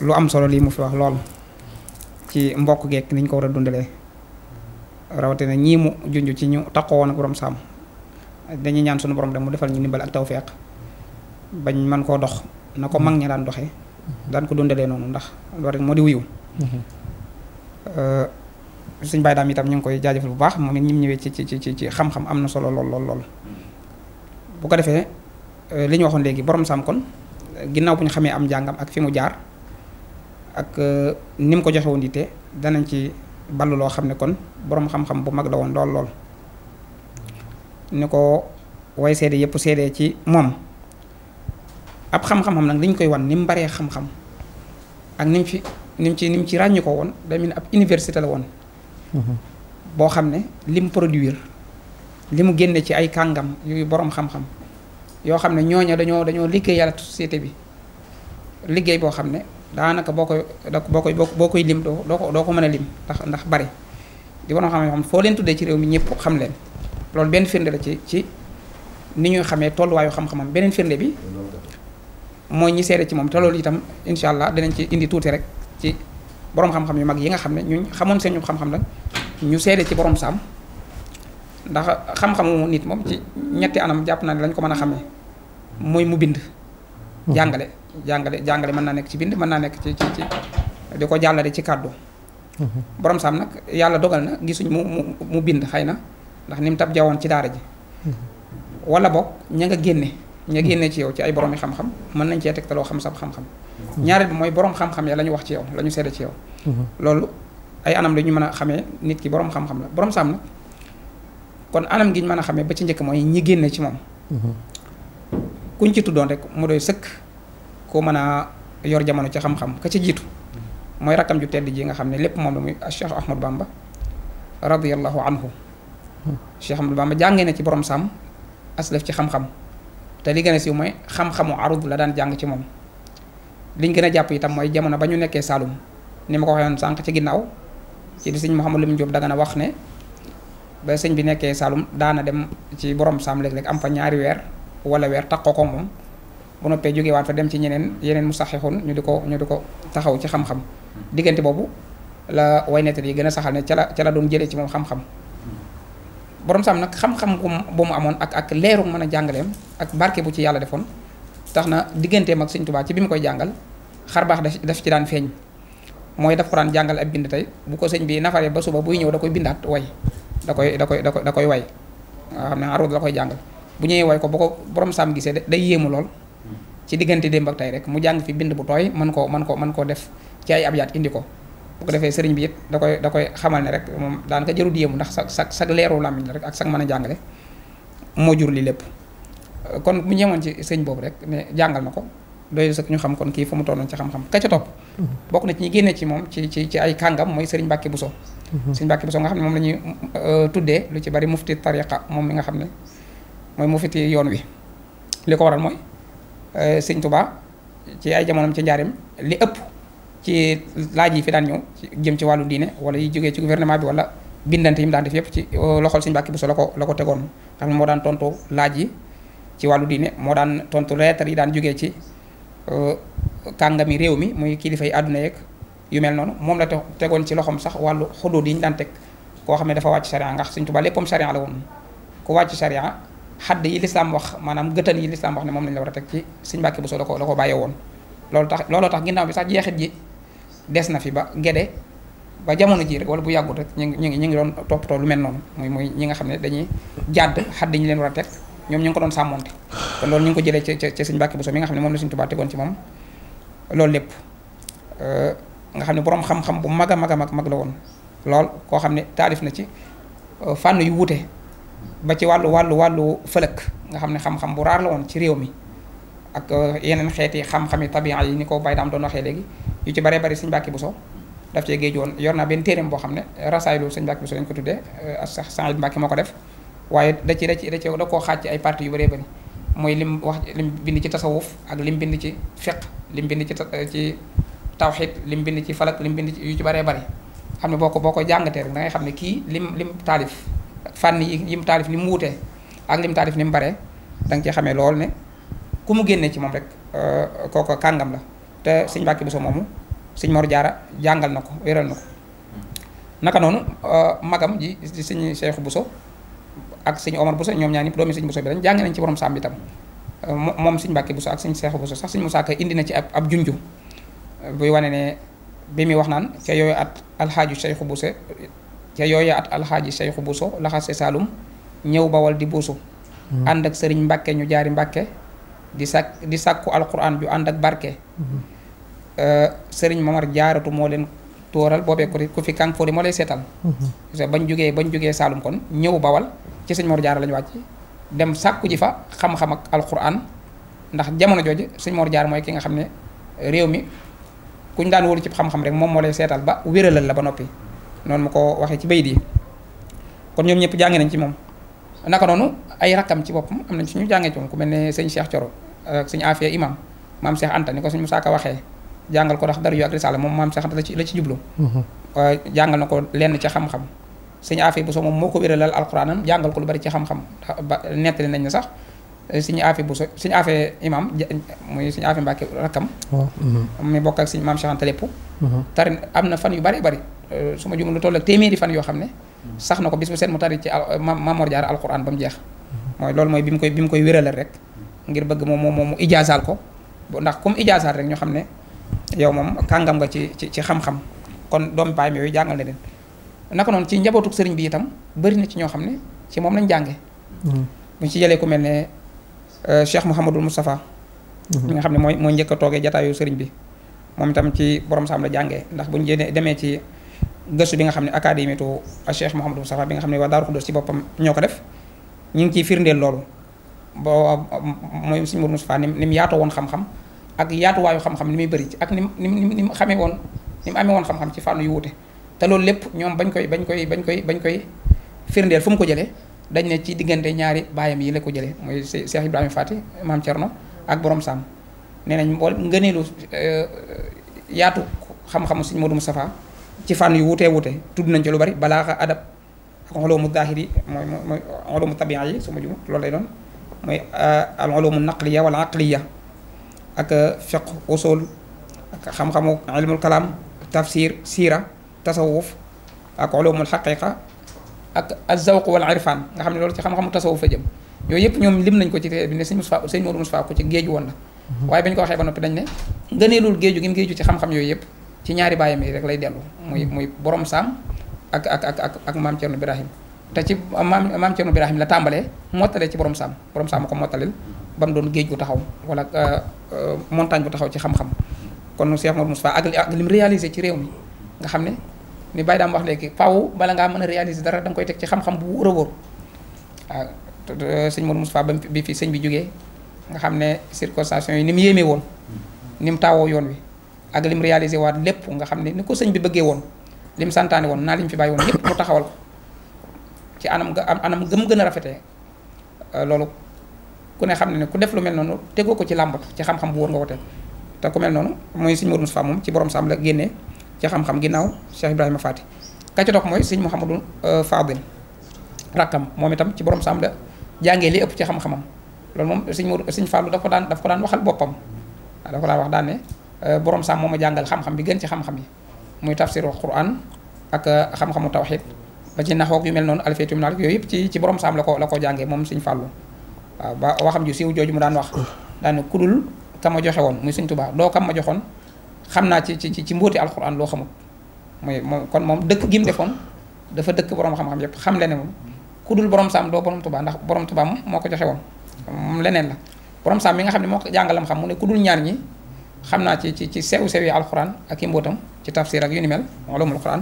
lu am solo lii mu fi wax lool ci mbokk geek niñ ko war a dundalee rawatina ñii mu junj ci ñu woon ak borom saam. dañuy ñaan sunu borom rek mu defal ñu ndimbal ak tawféex bañ man koo dox na ko mag ña daan doxe daan ko dundalee noonu ndax loolu rek moo di wuyu euh, suñ bàyyi daam itam ñu ngi koy jaajëfal bu baax moom it ñim ñëwee ci ci ci ci xam-xam am na solo lool lool lool ko defee euh, li ñu waxoon léegi borom sam kon ginnaaw bu ñu xamee am njàngam ak fi mu jaar ak euh, ni mu ko joxe woon dite danañ ci ballu loo xam ne kon borom xam-xam bu mag la woon lool lool ni ko way seede yëpp seede ci moom ab xam-xamam nag dañ koy wan ni mu baree xam-xam ak ni mu fi ni mu ci ni mu ci ràññi ko woon day mel ab université la woon mhm. boo xam ne li mu produire li mu génne ci ay kàngam yuy boroom xam-xam yoo xam ne ñooña dañoo dañoo liggéey yàlla société bi liggéey boo xam ne daanaka boo koy boo koy boo koy lim doo doo ko doo ko mën a lim ndax ndax bari di borom xam ne foo leen tuddee ci réew mi ñëpp xam leen loolu benn firnde la ci ci ni ñuy xamee tolluwaayu xam-xamam beneen firnde bi mooy ñi seede ci moom te loolu itam incha allah danañ ci indi tuuti rek ci borom xam-xam yu mag yi nga xam ne ñu xamoon seen ñu xam-xam la ñu seede ci borom saam ndax xam-xamu nit moom ci ñetti anam jàpp naa ne lañ ko mën a xamee mooy mu bind. Mhm. jàngale jàngale jàngale mën naa nekk ci bind mën naa nekk ci ci ci di ko jàllale ci kàddu. Mhm. borom saam nag yàlla dogal na gisuñ mu mu bind xëy na. ndax ni mu tab jawoon ci daara ji wala boog ña nga génne ña hmm. génne ci yow ci ay borom yi xam-xam mën nañ cee tegtaloo xam sab xam-xam hmm. ñaareel bi mooy borom xam-xam la ñu wax ci la ñu seede ci yow hmm. loolu ay anam la ñu mën a xamee nit ki borom xam borom saam kon anam gi mën a xamee ba ci njëkk mooy ñi génne ci moom kuñ ci tuddoon rek mu doy sëkk koo mën a yor jamono ci xam-xam ka ci jiitu mooy rakkam ju tedd ji nga xam ne lépp moom la muy Cheikh Ahmad Bamba radiyallahu anhu Cheikh Ahmadou Bamba jàngee na ci borom sàmm as def ci xam-xam te li gën a siiw mooy xam-xamu la daan jàng ci moom liñ gën a jàpp itam mooy jamono ba ñu nekkee Saalum ni ma ko waxee woon sànq ci ginnaaw ci li sëñ Mouhamadou Lamine Diop danga na wax ne ba sëñ bi nekkee Saalum daana dem ci borom sàmm léeg-léeg am fa ñaari weer wala weer takkoo ko moom bu noppee jógewaat fa dem ci ñeneen yeneen mu saxixun ñu di ko ñu di ko taxaw ci xam-xam diggante boobu la way nettali yi gën a saxal ne ca la ca la doon jëlee ci moom xam-xam borom saam nag xam-xam bu mu amoon ak ak leeru mën a jàngaleem ak barke bu ci yàlla defoon tax na digganteem ak sëñ Tuubaa ci bi mu koy jàngal xar baax daf ci daan feeñ mooy daf ko daan jàngal ab bind tey bu ko sëñ bi nafaree ba suba buy ñëw da koy bindaat way da koy da koy da koy da koy way waaw xam ne arud la koy jàngal bu ñëwee way ko bu ko borom saam gisee day yéemu lool ci diggante démb ak tey rek mu jàng fi bind bu tooy mën koo mën ko mën koo def ci ay abyaat indi ko bu ko defee sëriñ bi it da koy da koy xamal ne rek moom daanaka jarul yéemu ndax sa sa sag leeru làmmiñ la rek ak sag mën a jàngale moo jur li lépp kon bu ñemoon ci sëñ boobu rek ne jàngal na ko doy sax ñu xam kon kii fa mu tolloon ci xam-xam ka ca topp mhm. bokk na ci ñi génnee ci moom ci ci ci ay kàngam mooy sëriñ Mbàkke so mhm. sëriñ Mbàkke Buso nga xam ne moom la ñuy euh, tuddee lu ci bari mufti tariqa moom mi nga xam ne mooy mufti yoon wi li ko waral mooy euh, sëñ Tuubaa ci ay jamonoom ci njaarim li ëpp ci laaj yi fi daan ñëw jëm ci wàllu diine wala yi jógee ci gouvernement bi wala bindante yi mu daan def yëpp ci uh, loxol Sëñ Mbàkke Buso la ko la ko tegoon xam ne moo daan tontu laaj yi ci wàllu diine moo daan tontu leetar yi daan jógee ci uh, kàngami réew mi muy kilifa yi yu mel noonu moom la tegoon ci loxoom sax wàllu xuduud yi ñu teg koo xam ne dafa wàcc charia ngax Sëñ Tuubaa léppam charia la woon ku wàcc charia xadd yi lislaam wax maanaam gëtan yi lislaam wax ne moom lañ war a teg ci Sëñ Mbàkke Buso la ko la ko bàyyee woon looloo tax ginnaaw bi sax jeexit ji des na fi ba gede ba jamono jii rek wala bu yàggut rek ñu ngi ñu ngi ñu ngi doon toppatoo lu mel noonu muy muy ñi nga xam ne dañuy jàdd xadd ñu leen war a teg ñoom ñu ngi ko doon sàmmonte kon loolu ñu ngi ko jëlee ci ci sëñ Mbàkke Buso mi nga xam ne moom la sëñ Tuubaa tegoon ci moom loolu lépp euh, nga xam ne boroom xam-xam bu mag a mag a mag mag la woon lool koo xam ne taalif na ci euh, fànn yu wute ba ci wàllu wàllu wàllu fëlëk nga xam ne xam-xam bu raar la woon ci réew mi ak euh, yeneen xeeti xam-xami tabiya yi ni ko Baye Dame doon waxee léegi yu ci bare bari sëñ Mbàkke Buso daf cee géej woon yor naa benn téeréem boo xam ne rasaaylu sëñ Mbàkke Buso lañ ko tuddee euh, ak sax Sëñ Mbàkke moo ko def waaye da ci da ci da ci da koo xaaj ci ay parti yu bëree bëri mooy lim wax lim bind ci tasawuf ak lim bind ci fiq lim bind ci euh, ci tawxid lim bind ci falak lim bind ci yu ci baree bari xam ne boo ko boo ko jàngatee rek da ngay xam ne kii lim lim taalif fànn yi yim taalif ni mu wutee ak lim taalif ni mu baree da nga ci xamee lool ne ku mu génnee ci moom rek euh, kooko kàngam la te sëñ Mbàkke Bousso moomu sëñ Mor Jaara jàngal na ko wéral na ko naka noonu euh, magam ji di sëñ Cheikh Bousso ak sëñ Omar Bousso ñoom ñaar ñëpp doomi sëñ Bousso bi dañ jàng nañ ci borom sàmm itam euh, moom sëñ Mbàkke Bousso ak sëñ Cheikh Bousso sax sëñ mu Ka indi na ci ab ab junju buy wane ne bi muy wax naan ca yooyu at alxaaji Cheikh Bousso ca yooyu at alxaaji Cheikh Bousso laxase Saalum ñëw bawal di Bousso hmm. ànd ak sëriñ Mbàkke ñu jaari Mbàkke di sàkk di sàkku alquran ju ànd ak barke euh, sëriñ Momar jaaratu moo leen tooral boobee ko ku fi Kanfoori moo lay seetal bañ jógee bañ jógee Saalum kon ñëw bawal ci sëñ Mor Jaara lañu wàcc dem sàkku ji fa xam-xam ak alquran ndax jamono jooju sëñ Mor jaar mooy ki nga xam ne réew mi kuñ daan wóolu ci xam rek moom moo lay seetal ba wéralal la ba noppi noonu mu ko waxee ci bayit yi kon ñoom ñëpp jàngi nañ ci moom naka noonu ay rakkam ci boppam am nañ su ñu jàngee ci moom ku mel ne sëñ Cheikh coro ak suñu afiya imam maam Cheikh Anta ni ko suñu Musaa Ka waxee jàngal ko dax daru yu ak risaala moom maam Cheikh Anta la ci la ci jublu mhm. jàngal na ko lenn ci xam-xam suñu afiya bu so moom moo ko wéralal alquraanam jàngal ko bari ci xam-xam ba nettali nañ sax suñu afiya bu so suñu afiya imam muy suñu afiya Mbàkke rakkam mhm. mi bokk ak suñu maam Cheikh Anta lépp mhm. am na fan yu bari bari su ma jum lu toll ak fan yoo xam ne sax na ko bis bu seen mu tari ci Maam Mor Jaara alquraan ba mu jeex mooy loolu mooy bi mu koy bi mu koy wéralal rek ngir bëgg moom moom mu ijaasaal ko ndax comme ijaasaal rek ñu xam ne yow moom kàngam nga ci ci ci xam-xam kon doom baayam yooyu jàngal na leen naka noonu ci njabootu sëriñ bi itam bëri na ci ñoo xam ne ci moom lañ jànge mm-hmm. buñ ci jëlee ku mel ne euh, Cheikh Mouhamadul Moustapha mm-hmm. mi nga xam ne mooy mooy njëkk toogee jataayu sëriñ bi moom itam ci borom saam la jànge ndax buñ jëlee demee ci gëstu bi nga xam ne académie tu Cheikh Mouhamadul Moustapha bi nga xam ne waa Daaru Xuddoos ci boppam ñoo ko def ñu ngi ciy firndeel loolu ba mooy suñu Mourou Moustapha ni mu yaatoo woon xam-xam ak yaatuwaayu xam-xam ni muy bëri ci ak ni mu ni mu ni mu xamee woon ni mu amee woon xam-xam ci fànn yu wute te loolu lépp ñoom bañ koy bañ koy bañ koy bañ koy firndeel fu mu ko jëlee dañ ne ci diggante ñaari baayam yi la ko jëlee mooy Cheikh Ibrahima Fati maam Thierno ak borom Sam nee nañ mbool ngëneelu euh, yaatu xam suñu Mourou Moustapha ci fànn yu wuutee wuute tudd nañ ci lu bari balaa adab ak xoloo mu daahiri mooy mooy xoloo mu tabia yi su ma loolu lay doon mooy euh, al ulumu naqliya wal aqliya ak euh, fiq usul ak xam-xamu ilmul kalaam tafsir siira tasawuf ak ulumul xaqiqa ak azawq wal irfan nga xam ne loolu ci xam-xamu tasawuf a jëm yooyu ñoom lim nañ ko ci téere bi ne sëñ Moussa sëñ ci géeju woon na mhm. waaye bañ ko waxee ba noppi dañ ne ngëneelul géeju gi mu géeju ci xam-xam yooyu yëpp ci ñaari bàyyam yi rek lay dellu muy muy borom saam ak ak ak ak ak maam Thierno Ibrahim te ci maam maam Cerno Birahim la tàmbalee mottalee ci borom saam borom saam ko mottalil ba mu doon géej bu taxaw wala euh, euh, montagne bu taxaw ci xam-xam kon Cheikh Mor Moustapha ak ak lim réalisé ci réew mi nga xam ne ni Baye daam wax léegi faaw bala ngaa a réaliser dara da koy teg ci xam-xam bu wóor waaw euh, sëñ Mor Moustapha ba bi fi sëñ bi jógee nga xam ne circonstances yi ni mu yéemee woon ni mu taawoo yoon wi ak lim réalisé waat lépp nga xam ne ni ko sëñ bi bëggee woon lim santaane woon naa lim fi bàyyi woon mu taxawal ci anam ga anam gëm gën a rafetee euh, loolu ku ne xam ne ne ku def lu mel noonu tegoo ko ci làmbat ci xam-xam bu wóor nga ko te ku mel noonu mooy sëñ Modou Moustapha moom ci borom saam la génnee ci xam-xam ginnaaw Cheikh Ibrahima Fati ka ca topp mooy sëñ Mouhamadou euh, Fadil rakkam moom itam ci borom saam jàngee li ëpp ci xam-xamam moom sëñ Modou sëñ Fallou daf ko daan daf ko daan waxal boppam waaw ah, daf ko daan wax daan ne euh, borom saam moom a jàngal xam-xam bi gën ci xam-xam yi muy tafsiru Quran ak xam-xamu tawxid ba ci naxoog yu mel noonu alfeetum naal yooyu yëpp ci ci borom saam la ko la ko jàngee moom Sëñ Fàllu waaw ba waxam ju siiw jooju mu daan wax daan kudul ka ma joxe woon muy Sëñ Tuubaa doo kam ma joxoon xam naa ci ci ci mbóoti alxuraan loo xamut mooy moom kon moom dëkk gi mu defoon dafa dëkk borom xam-xam yëpp xam le ne moom kudul borom saam doo borom Tuubaa ndax borom Tuubaa moom moo ko joxe woon moom leneen la mi nga xam ne moo jàngalam xam mu ne kudul ñaar ñi xam naa ci ci ci sew sewi alxuraan ak i mbóotam ci tafsir ak yu ni mel ulumul Qur'an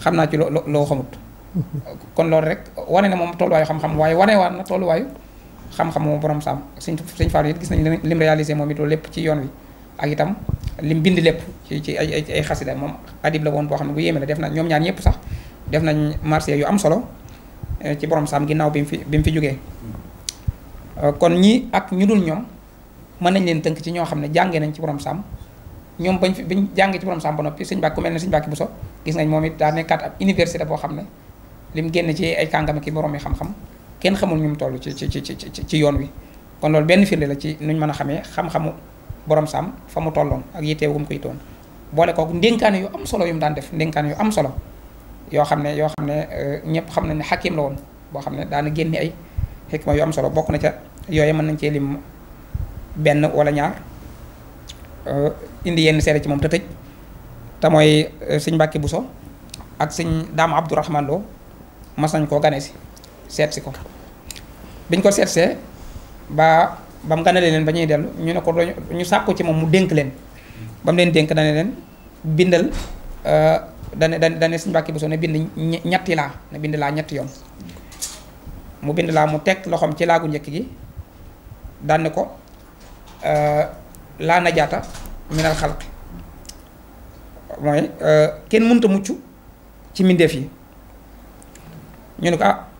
xam naa ci loo loo xamut kon loolu rek wane na moom tolluwaayu xam-xam waaye wane waan na tolluwaayu xam-xam moom borom saam suñ sëñ Fallou gis nañ lim réalisé moom itam lépp ci yoon wi ak itam lim bind lépp ci ci ay ay moom adib la woon boo xam ne bu yéeme la def na ñoom ñëpp sax def nañ marché yu am solo eh, ci borom saam ginnaaw bi mu fi bi fi jógee eh, kon ñi ak ñu dul ñoom mën nañ leen tënk ci ñoo xam ne jàngee nañ ci borom saam ñoom bañ fi bañ jàngee ci borom saam ba noppi sëñ Bàkk mel ne sëñ Bàkk bu so gis nañ moom it daa nekkaat ab université boo xam ne lim génn ci ay kàngam ki borom yi xam-xam kenn xamul ñu mu toll ci ci ci ci ci yoon wi. kon loolu benn firnde la ci nuñ mën a xamee xam-xamu borom saam fa mu tolloon ak yitteewu mu koy toon boole kooku ndénkaane yu am solo yu mu daan def ndénkaane yu am solo yoo xam ne yoo xam ne euh, ñëpp xam nañ ne xakim boo xam ne daana génne ay xikma yu solo bokk na ca yooye mën nañ cee lim benn wala ñaar euh, indi yenn seere ci moom te tëj te mooy euh, sëñ Mbàkke Buso ak sëñ Daam Abdourahman Lo mas nañ koo gane si seet si ko biñ ko seetsee ba ba mu ganalee leen ba ñuy dellu ñu ne ko ñu sàkku ci moom mu dénk leen ba mu leen dénk dane leen bindal euh, dane dane dane suñu mbàkki bu soo ne bind ñetti laa ne bind laa ñetti yoon mu bind laa mu teg loxoom ci laagu njëkk gi daan ko euh, laa najaata minal xalq mooy euh, kenn mënta mucc ci mbindeef yi ñu ne ko ah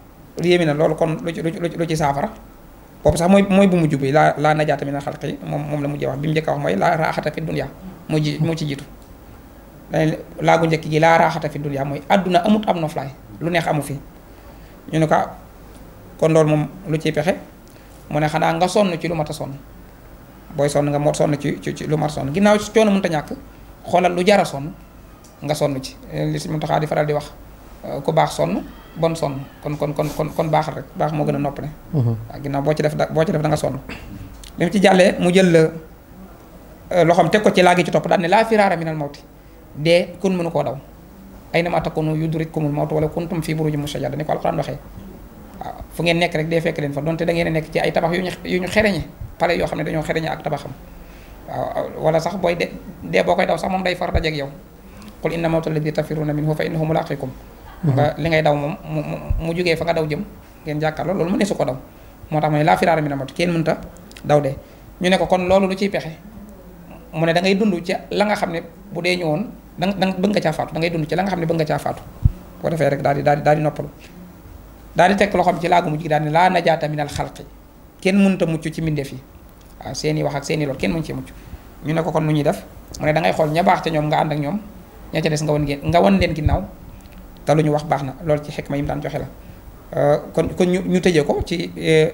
yéeme na loolu kon lu ci lu ci saafara boobu sax mooy mooy bu mujj bi laa laa najaata min xalqi yi moom moom la mujjee wax bi mu njëkk a wax mooy laa raaxata fi ji moo ci jiitu laa gu njëkk gi laa raaxata mooy àdduna amut am noflaay lu neex amu fi ñu ne ah kon loolu moom lu ci pexe mu ne xanaa nga sonn ci lu mat a sonn booy sonn nga moo sonn ci ci lu mat a sonn ginnaaw coono mënut a ñàkk xoolal lu jar a sonn nga sonn ci li si di faral di wax ku baax sonn. bon sonn kon kon kon kon kon baaxal rek baax moo gën a noppale. Mhm. waaw ginnaaw boo ci def da boo ci def da nga sonn. bi ci jàlle mu jël la euh, loxoom teg ko ci laa gi ci topp daal ne laa firaara minal mawti dee kon mënu koo daw ay na ma takunu yudrikkumul mawtu wala kuntum fii burujin mushayyada ni ko alxuraan waxee. waaw fu ngeen nekk rek dee fekk leen fa donte da ngeen nekk ci ay tabax yu ñu yu ñu xereñe pale yoo xam ne dañoo xereñe ak tabaxam waaw wala sax booy de dee boo koy daw sax moom day far dajeeg yow qul inna mawtal ladi tafiruna minhu fa innahu mulaqikum nga mhm. li ngay daw moom mu mu jugee fa nga daw jëm ngeen jàkkaarloo loolu mënee su ko daw moo tax mooy laa firaara mina mawt kenn mënta daw de ñu ne ko kon loolu lu ciy pexe mu ne da ngay dund ci la nga xam ne bu dee ñëwoon da nga bëgg nga caa faatu da dund ci la nga xam ne bëgg nga caa faatu boo defee rek daal di daal di daal di noppalu daal di teg loxoom ci laagu mujj gi daal di laa najaata minal xalqi kenn mënta mucc ci mbindeef yi waaw seen i wax ak seen i lool kenn mënu ci mucc ñu ne ko kon lu ñuy def mu ne da ngay xool ña baax ca ñoom nga ànd ak ñoom ña ca des nga wan ngeen nga won leen ginnaaw te lu ñu wax baax na loolu ci xikma yi mu daan joxe la euh, kon kon ñu ñu tëjee ko ci euh,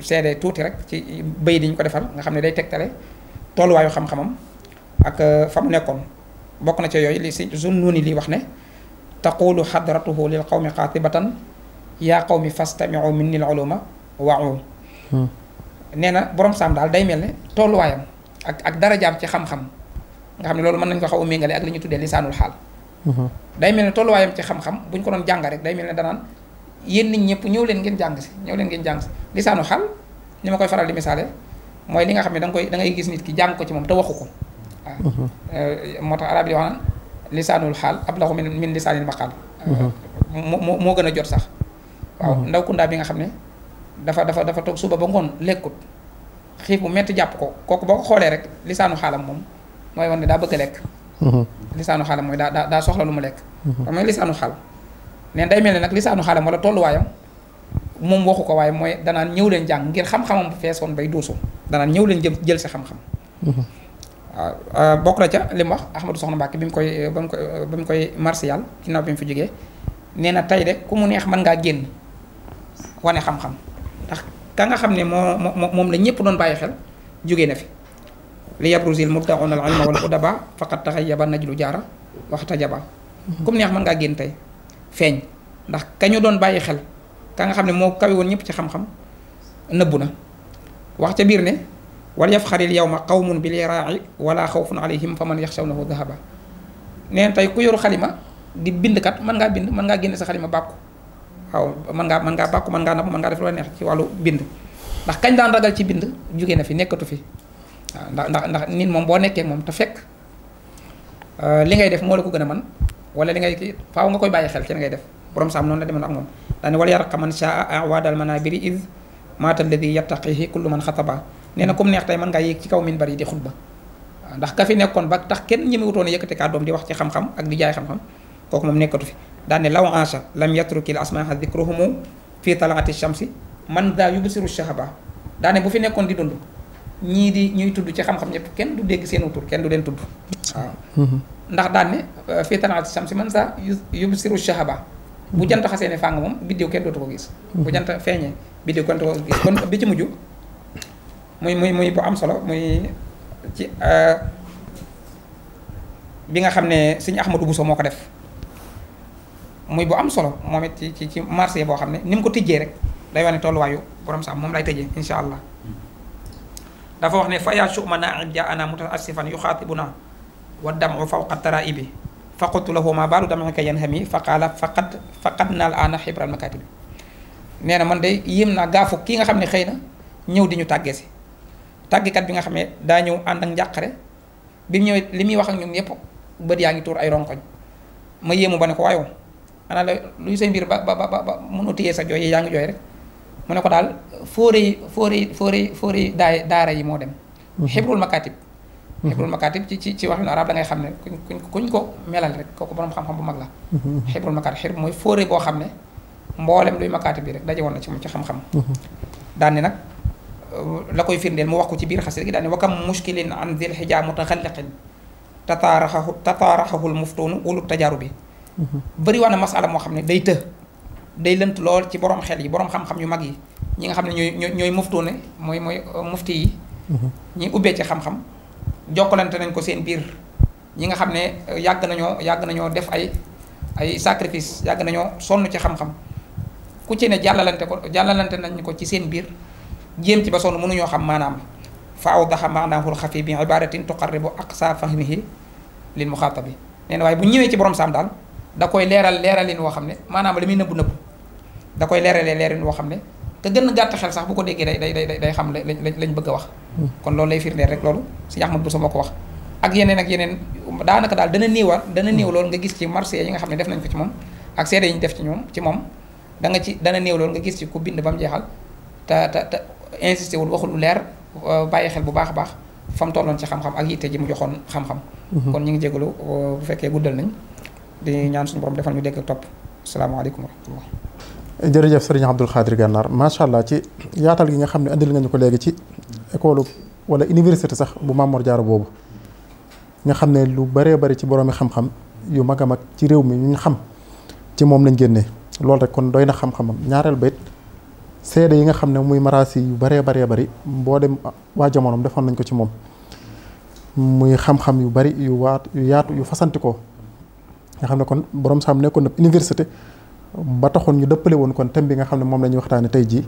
seede tuuti rek ci bay di ñu ko defal nga xam ne day tegtale tooluwaayu xam-xamam ak euh, fa mu nekkoon bokk na ci yooyu li si Zunnuni li wax ne taqulu xadratuhu lil qawmi batan yaa qawmi fastamiu minni al uluma wa'u hmm. nee na borom saam daal day mel ne tooluwaayam ak ak jaam ci xam-xam nga xam ne loolu mën nañu ko xaw a méngale ak li ñu tuddee lisaanul xaal day mel ne tolluwaayam ci xam-xam bu ñu ko doon jànga rek day mel ne danaan yéen nit ñëpp ñëw leen ngeen jàng si ñëw leen ngeen jàng si lisaanu xal ni ma koy faral di misaale mooy li nga xam ne da koy da ngay gis nit ki jàng ko moom te waxu ko mhm. moo tax arab yi wax naan lisaanul xaal ablahu min min lisaanil maqaal mhm. moo moo gën a jot sax waaw mhm. bi nga xam ne dafa dafa dafa toog suba ba ngoon lekkut xiif bu metti jàpp ko kooku boo ko xoolee rek lisaanu xaalam moom mooy wan ne daa bëgg a lekk lisaanu xaalam mooy daa daa daa soxla lu mu lekk mhm. xam nga lisaanu xaal neen day mel ne nag lisaanu xaalam wala tolluwaayam moom waxu ko waaye mooy danaan ñëw leen jàng ngir xam-xamam feesoon bay duusu danaan ñëw leen jëm jël si xam mhm. euh, bokk la ca li mu wax Ahmadou Soxna Mbacke bi mu koy euh, ba mu koy euh, ba mu koy bi mu fi jógee nee na tey de ku mu neex man ngaa génn wane xam-xam ndax ka nga xam ne moo moom la ñëpp doon bàyyi xel jógee na fi li yabrusil mubtaqoon al ilma wal udaba faqat taxayyaba najlu jaara waxta jaba comme neex mën ngaa génn tey feeñ ndax kañu doon bàyyi xel ka nga xam ne moo kawe woon ñëpp ci xam-xam nëbbu na wax ca biir ne wal yafxaril yawma qawmun bil yaraa'i wala xawfun alayhim fa man yaxshawnahu dahaba neen tey ku yoru xalima di bind kat mën ngaa bind mën ngaa génne sa xalima bàkku waaw mën ngaa mën ngaa bàkku mën ngaa napp mën ngaa def lu la neex ci wàllu bind ndax kañ daan ragal ci bind jóge na fi nekkatu fi waaw ndax ndax ndax nit moom boo nekkee moom te fekk euh, li ngay def moo la ko gën a man wala li ngay kii faaw nga koy bàyyi xel ci li ngay def borom saam noonu la demoon ak moom daane wala yarqa man shaa awaadal manabiri iz maata alladi yattaqihi kullu man xataba nee na comme neex tey mën ngaa yéeg ci kaw min bari di xutba ndax ka fi nekkoon ba tax kenn ñemewutoon a yëkkati kàddoom di wax ci xam ak di jaay xam-xam kooku moom nekkatu fi daane law ansha lam yatrukil asmaa dikruhumu fii talaati shamsi man daa yubsiru shahaba daane bu fi nekkoon di dund ñii di ñuy tudd ci xam-xam ñëpp kenn du dégg seen tur kenn du leen tudd waaw ah. mhm. ndax daan ne euh, fii tanaa si sax yu yu sa yubsiru shahaba bu jant xasee ne fàng moom biddiw kenn dootu ko gis bu jant feeñee biddiw kenn dootu ko gis bi ci mujj muy muy muy bu am solo muy ci euh, bi nga xam ne sëñ Ahmadou Bousso moo ko def muy bu am solo moom it ci ci ci boo xam ne ni mu ko tijjee rek day wane tolluwaayu borom sax moom lay tëjee incha allah dafa wax ne fa yaa sumana in ja ana mutaasifan yuxaatibuna wa damu fawqa taraibi fa qultu lahu ma baalu damika yanhami fa qaala faqad faqad naal ana xibral makatib nee na man de yéem naa gaafu ki nga xam ne xëy na ñëw di ñu tàggee si tàggikat bi nga xam ne daa ñëw ànd ak njàqare bi mu ñëwee li muy wax ak ñun yépp bët yaa ngi tuur ay ronkoñ ma yéemu ba ne ko waayow ana la luy say mbir ba ba ba ba mënoo téyee sa jooy yaa ngi jooy mu ne ko daal fóore yi fóore yi fóore yi fóore daay daara yi moo dem xibrul mhm. makatib xibrul mhm. makatib ci ci ci waxin arab da ngay xam ne kuñ kuñ ko melal rek kooku borom xam-xam bu mag la xibrul mhm, makatib xib mooy fóore boo xam ne mboolem luy makatib bi rek daje woon na ci mu ci xam-xam daan nag la koy firndeel mu wax ko ci biir xasida gi daan ni wa kam mushkilin an zil xijaa mutaxalliqin tataaraxahu tataaraxahul muftuunu ulub tajaaru bi bëri waa na masala moo xam ne day të day lënt lool ci borom xel yi boroom xam-xam yu mag yi ñi nga xam ne ñooy ñooy muftuune mooy mooy euh, mufti yi. Mhm. ñi ubbee ci xam-xam jokkalante nañ ko seen biir ñi nga xam ne euh, yàgg nañoo yàgg nañoo def ay ay sacrifice yàgg nañoo sonn ci xam-xam ku ci ne jàllalante ko jàllalante nañ ko ci seen biir jéem ci ba sonn mënuñoo xam maanaam fa awdaxa maanaahul xafi bi ibaratin tuqarribu aqsa fahmihi lil muxaatabi nee na waaye bu ñëwee ci borom saam daal da koy leeral leeralin woo xam ne maanaam li muy nëbbu nëbbu da koy leeralee leerin woo xam ne te gën a gàtt xel sax bu ko déggee day day day day xam lañ lañ bëgg a wax. Hmm. kon loolu lay firndeel rek loolu si Ahmad Bousso moo ko wax. ak yeneen ak yeneen daanaka daal dana néewal dana néew hmm. loolu nga gis ci marché yi nga xam ne def nañ ko ci moom ak seede yi ñu def ci ñoom ci moom danga ci dana néew loolu nga gis ci ku bind ba mu jeexal te te te insisté wul waxul lu leer euh, bàyyi xel bu baax a baax fa mu tolloon ci xam-xam ak yitte ji mu joxoon xam-xam. Hmm. kon ñu ngi jégalu euh, bu fekkee guddal nañ di ñaan suñu borom defal ñu dégg ak topp asalaamaaleykum jërëjëf sëriñ Abdul Xaadir Gànnaar macha allah ci yaatal gi nga xam ne andil nga ñu ko léegi ci école wala université sax bu Mamor Diarra boobu nga xam ne lu baree bari ci boroomi xam-xam yu mag a mag ci réew mi ñu xam ci moom lañ génne lool rek kon doy na xam-xamam ñaareel ba it yi nga xam ne muy maraasi yu baree baree bari boo dem waa jamonoom defoon nañ ko ci moom muy xam-xam yu bari yu waat yu yaatu yu fasanti ko nga xam ne kon borom saam nekkoon na université. ba taxoon ñu dëppale woon kon thème bi nga xam ne moom la ñuy waxtaane tey jii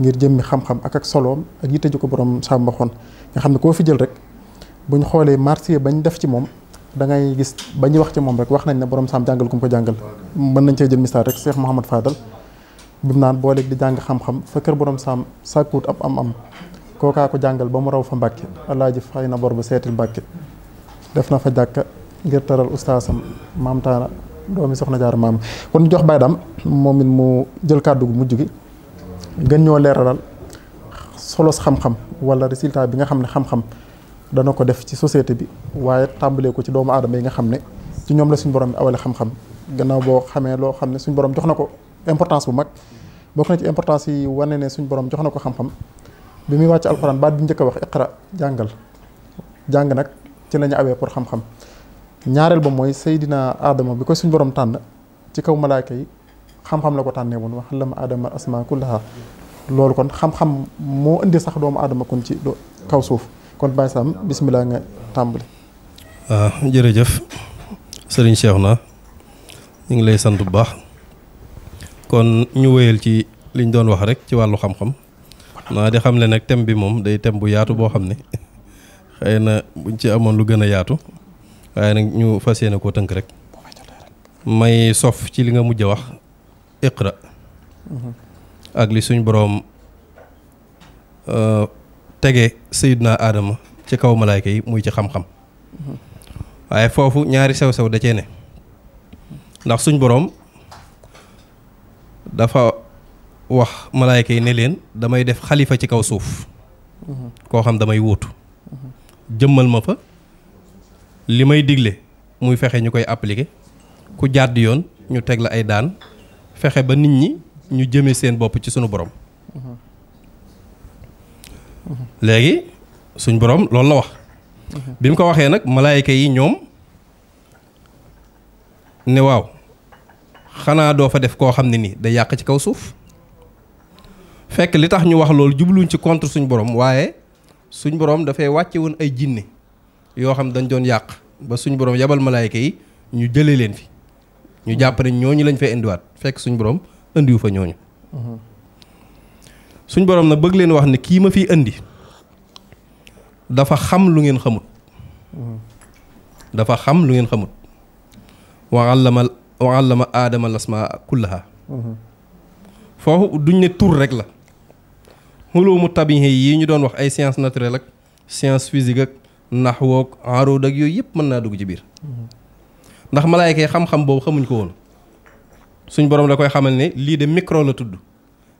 ngir jëmmi xam-xam ak ak soloom ak yitte ji ko borom Samba Xon nga xam ne koo fi jël rek buñ xoolee marché bañ def ci moom da ngay gis ba ñu wax ci moom rek wax nañ ne borom Sam jàngal ku ko jàngal mën nañ cee jël misaal rek Cheikh Mouhamad Fadal bi mu naan booleeg di jàng xam-xam fa kër borom Sam sàkkuut ab am-am kookaa ko jàngal ba mu raw fa Mbàkke alaaji fay na bor ba seetil Mbàkke def na fa jàkka ngir taral ustaasam maamtaana doomi soxna jaar maam kon jox Baye moom it mu jël kàddu gu mujj gi gën ñoo leeralal solos xam-xam wala résultat bi nga xam ne xam-xam dana ko def ci société bi waaye tàmbalee ko ci doomu aadama yi nga xam ne ci ñoom la suñu borom bi awale xam-xam gannaaw boo xamee loo xam ne suñu borom jox na ko importance bu mag bokk na ci importance yi wane ne suñu borom jox na ko xam-xam bi muy wàcc alxuraan baat bi njëkk a wax iqra jàngal jàng nag ci la ñu pour xam ñaareel ba mooy Seydina Adama bi ko suñ borom tànn ci kaw malaaka yi xam-xam la ko tànnee woon wax lama Adama asma kullaha loolu kon xam-xam moo indi sax doomu Adama kon ci kaw suuf kon Baye Sam bisimilah nga tàmbali. waaw ah, jërëjëf Serigne Cheikhouna ñu ngi lay sant bu baax kon ñu wéyal ci liñ doon wax rek ci wàllu xam-xam naa di xam ne nag thème bi moom day thème bu yaatu boo xam ne xëy na buñ ci amoon lu gën a yaatu. waaye nag ñu fa yéene koo tënk rek may sof ci li nga mujj a wax iqra ak li suñ boroom euh, tege sayidna aadama ci kaw malaayka yi muy ci xam-xam waaye foofu ñaari sew-sew da cee ne ndax suñ boroom dafa wax malaayka yi ne leen damay def xalifa ci kaw suuf koo xam damay wuutu jëmmal ma fa li may digle muy fexe ñu koy appliquer ku jàdd yoon ñu teg la ay daan fexe ba nit ñi ñu jëme seen bopp ci sunu borom. léegi suñ borom loolu la wax. bi mu ko waxee nag malaayika yi ñoom ne waaw xanaa doo fa def koo xam ne nii day yàq ci kaw suuf fekk li tax ñu wax loolu jubluñ ci contre suñu borom waaye suñ borom dafay wàcce woon ay jinne yoo xam dañ doon yàq ba suñu borom yabal malaayka yi ñu jëlee leen fii ñu jàpp ñooñu lañ fa indiwaat fekk suñu borom indiwu fa ñooñu suñ borom na bëgg leen wax ne kii ma fi indi dafa xam lu ngeen xamut dafa xam lu ngeen xamut wa allama wa allama aadama lasma kullaha foofu duñ ne tur rek la xuloo mu tabihe yi ñu doon wax ay science naturelle ak science physique ak wook enrood ak yooyu yëpp mën naa dugg ci biir ndax malaayka yi xam-xam boobu xamuñ ko woon suñ borom la koy xamal ne lii de micro la tudd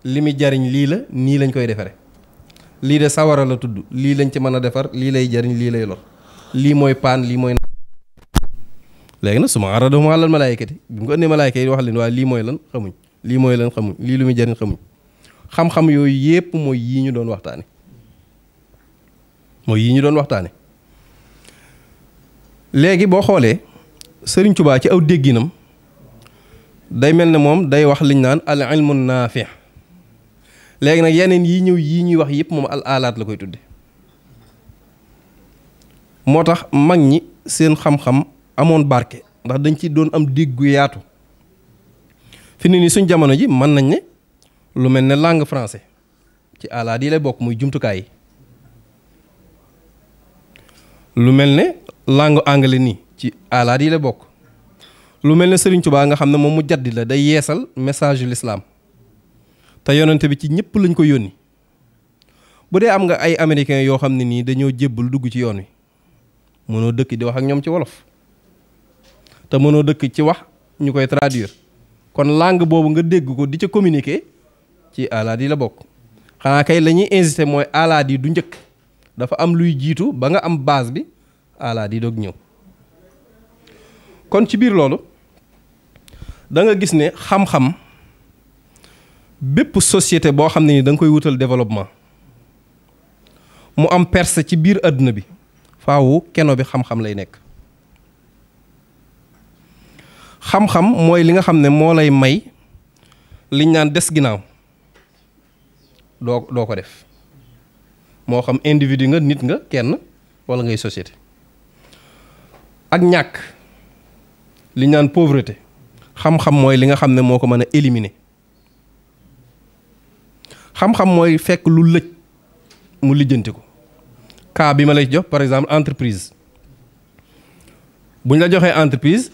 li muy jariñ lii la nii lañ koy defare lii de sawara la tudd lii lañ ci mën a defar lii lay jariñ lii lay lox lii mooy paan lii mooy léegi na su ma aradahum alal malaayikati bi mu ko ëndee malaayika yi wax leen waaye lii mooy lan xamuñ lii mooy lan xamuñ lii lu muy jariñ xamuñ xam-xam yooyu yépp mooy yii ñu doon waxtaane mooy yii ñu doon waxtaane léegi boo xoolee sëriñ Tuubaa ci aw dégginam day mel ne moom day wax liñ naan al ilmu naafi léegi nag yeneen yi ñëw yii ñuy wax yëpp moom al alaat la koy tudde moo tax mag ñi seen xam-xam amoon barke ndax dañ ci doon am déggu yaatu fi ni nii suñ jamono ji mën nañ ne lu mel ne langue français ci alaat yi lay bokk muy jumtukaay yi lu mel ne langue anglais nii ci aalaat yi la bokk lu mel ne Serigne Touba nga xam ne moom mu jaddi la day yeesal message lislaam te yonent bi ci ñëpp lañ ko yónni bu dee am nga ay américains yoo xam ne nii dañoo jébbal dugg ci yoon wi mënoo dëkk di wax ak ñoom ci wolof te mënoo dëkk ci wax ñu koy traduire kon langue boobu nga dégg ko di ca communiquer ci aalaat yi la bokk xanaa kay lañuy ñuy insisté mooy aalaat yi du njëkk dafa am luy jiitu ba nga am base bi. ala di doog ñëw kon ci biir loolu da nga gis ne xam-xam bépp société boo xam ne ni danga koy wutal développement mu am perse ci biir àdduna bi faawu keno bi xam-xam lay nekk xam-xam mooy li nga xam ne moo lay may liñ naan des ginnaaw doo doo ko def moo xam individu nga nit nga kenn walla ngay société ak ñàkk li ñu naan pauvreté xam-xam mooy li nga xam ne moo ko mën a éliminer xam-xam mooy fekk lu lëj mu lijjanti ko cas bi ma la jox par exemple entreprise bu ñu la joxee entreprise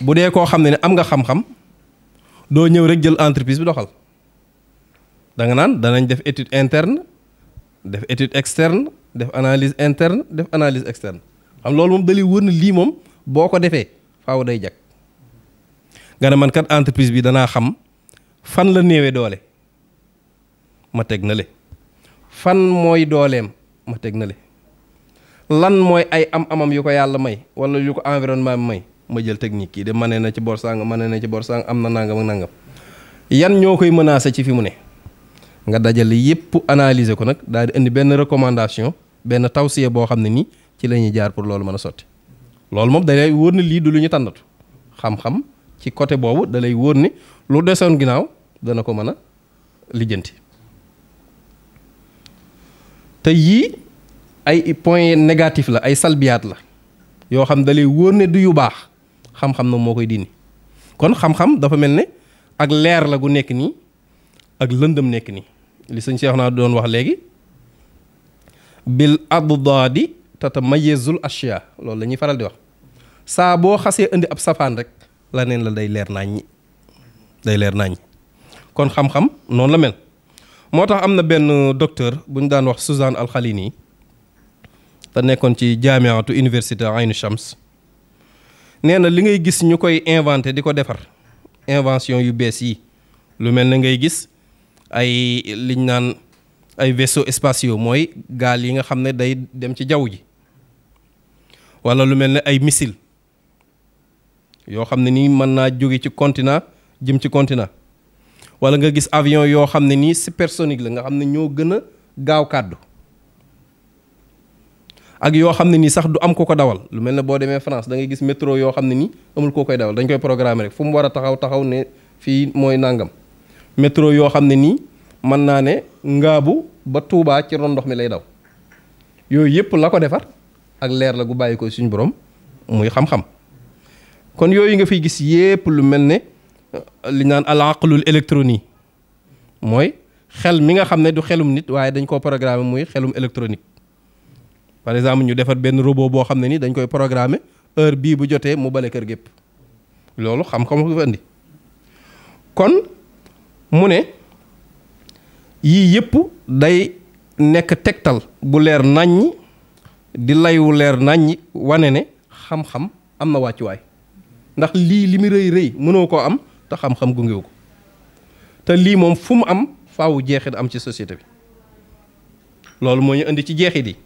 bu dee koo xam ne ne am nga xam-xam doo ñëw rek jël entreprise bi doxal da nga naan danañ def étude interne def étude externe def analyse interne def analyse externe xam loolu moom dalay wër na lii moom boo ko defee faaw day jag nga ne man kat entreprise bi danaa xam fan la néewee doole ma teg na le fan mooy dooleem ma teg na le lan mooy ay am-amam yu ko yàlla may wala yu ko environnement may ma jël technique kii de mane na ci bor sàng mane na ci bor sàng am na nangam ak nangam yan ñoo koy menacé ci fi mu ne nga dajale yépp analyser ko nag daal di indi benn recommandation benn tawsiye boo xam ne nii. ci lañuy jaar pour loolu mën a sotti loolu moom da lay wóor ne lii du lu ñu tànnatu xam-xam ci côté boobu dalay lay wóor ni lu desoon ginnaaw dana ko mën a lijjanti te yii ay point négatif la ay salbiyaat la yoo xam da lay wóor ne du yu baax xam-xam na moo koy dindi kon xam-xam dafa mel ne ak leer la gu nekk nii ak lëndëm nekk nii li sëñ Cheikh naa doon wax léegi bil addaadi tatamayyazul ashiya loolu la ñuy faral di wax saa boo xasee indi ab safaan rek la neen la day leer naññi day leer naññi kon xam-xam noonu la mel moo tax am na benn docteur bu ñu daan wax Suzanne al yi te nekkoon ci jaamiatu université Ayn Shams nee na li ngay gis ñu koy inventé di ko defar invention yu bees yi lu mel na ngay gis ay liñ naan ay vaisseaux spatiaux mooy gaal yi nga xam ne day dem ci jaww ji wala lu mel ni ay missile yoo xam ne nii mën naa jóge ci continent jëm ci continent wala nga gis avion yoo xam ne nii supersonique la nga xam ne ñoo gën a gaaw kàddu ak yoo xam ne nii sax du am ko ko dawal lu mel ne boo demee France da ngay gis métro yoo xam ne nii amul koo koy dawal dañ koy programmer rek fu mu war a taxaw taxaw ne fii mooy nangam métro yoo xam ne nii mën naa ne ngaabu ba Touba ci ron ndox mi lay daw yooyu yëpp la ko defar. ak leer la gu bàyyi ko suñu borom muy xam-xam kon yooyu nga fiy gis yépp lu mel ne euh, li naan al aqlul électronique mooy xel mi nga xam ne du xelum nit waaye dañ koo programmer muy xelum électronique par exemple ñu defar benn robot boo xam ne nii dañ koy programmer heure bii bu jotee mu bale kër gépp loolu xam-xam ko fa indi kon mu ne yii yépp day nekk tegtal bu leer naññ di laywu leer naññi wane ne xam-xam am na wàccuwaay ndax lii li mu rëy rëy mënoo ko am te xam-xam gungewu ko te lii moom fu mu am faawu jeexit am ci société bi loolu moo ñu indi ci jeexit yi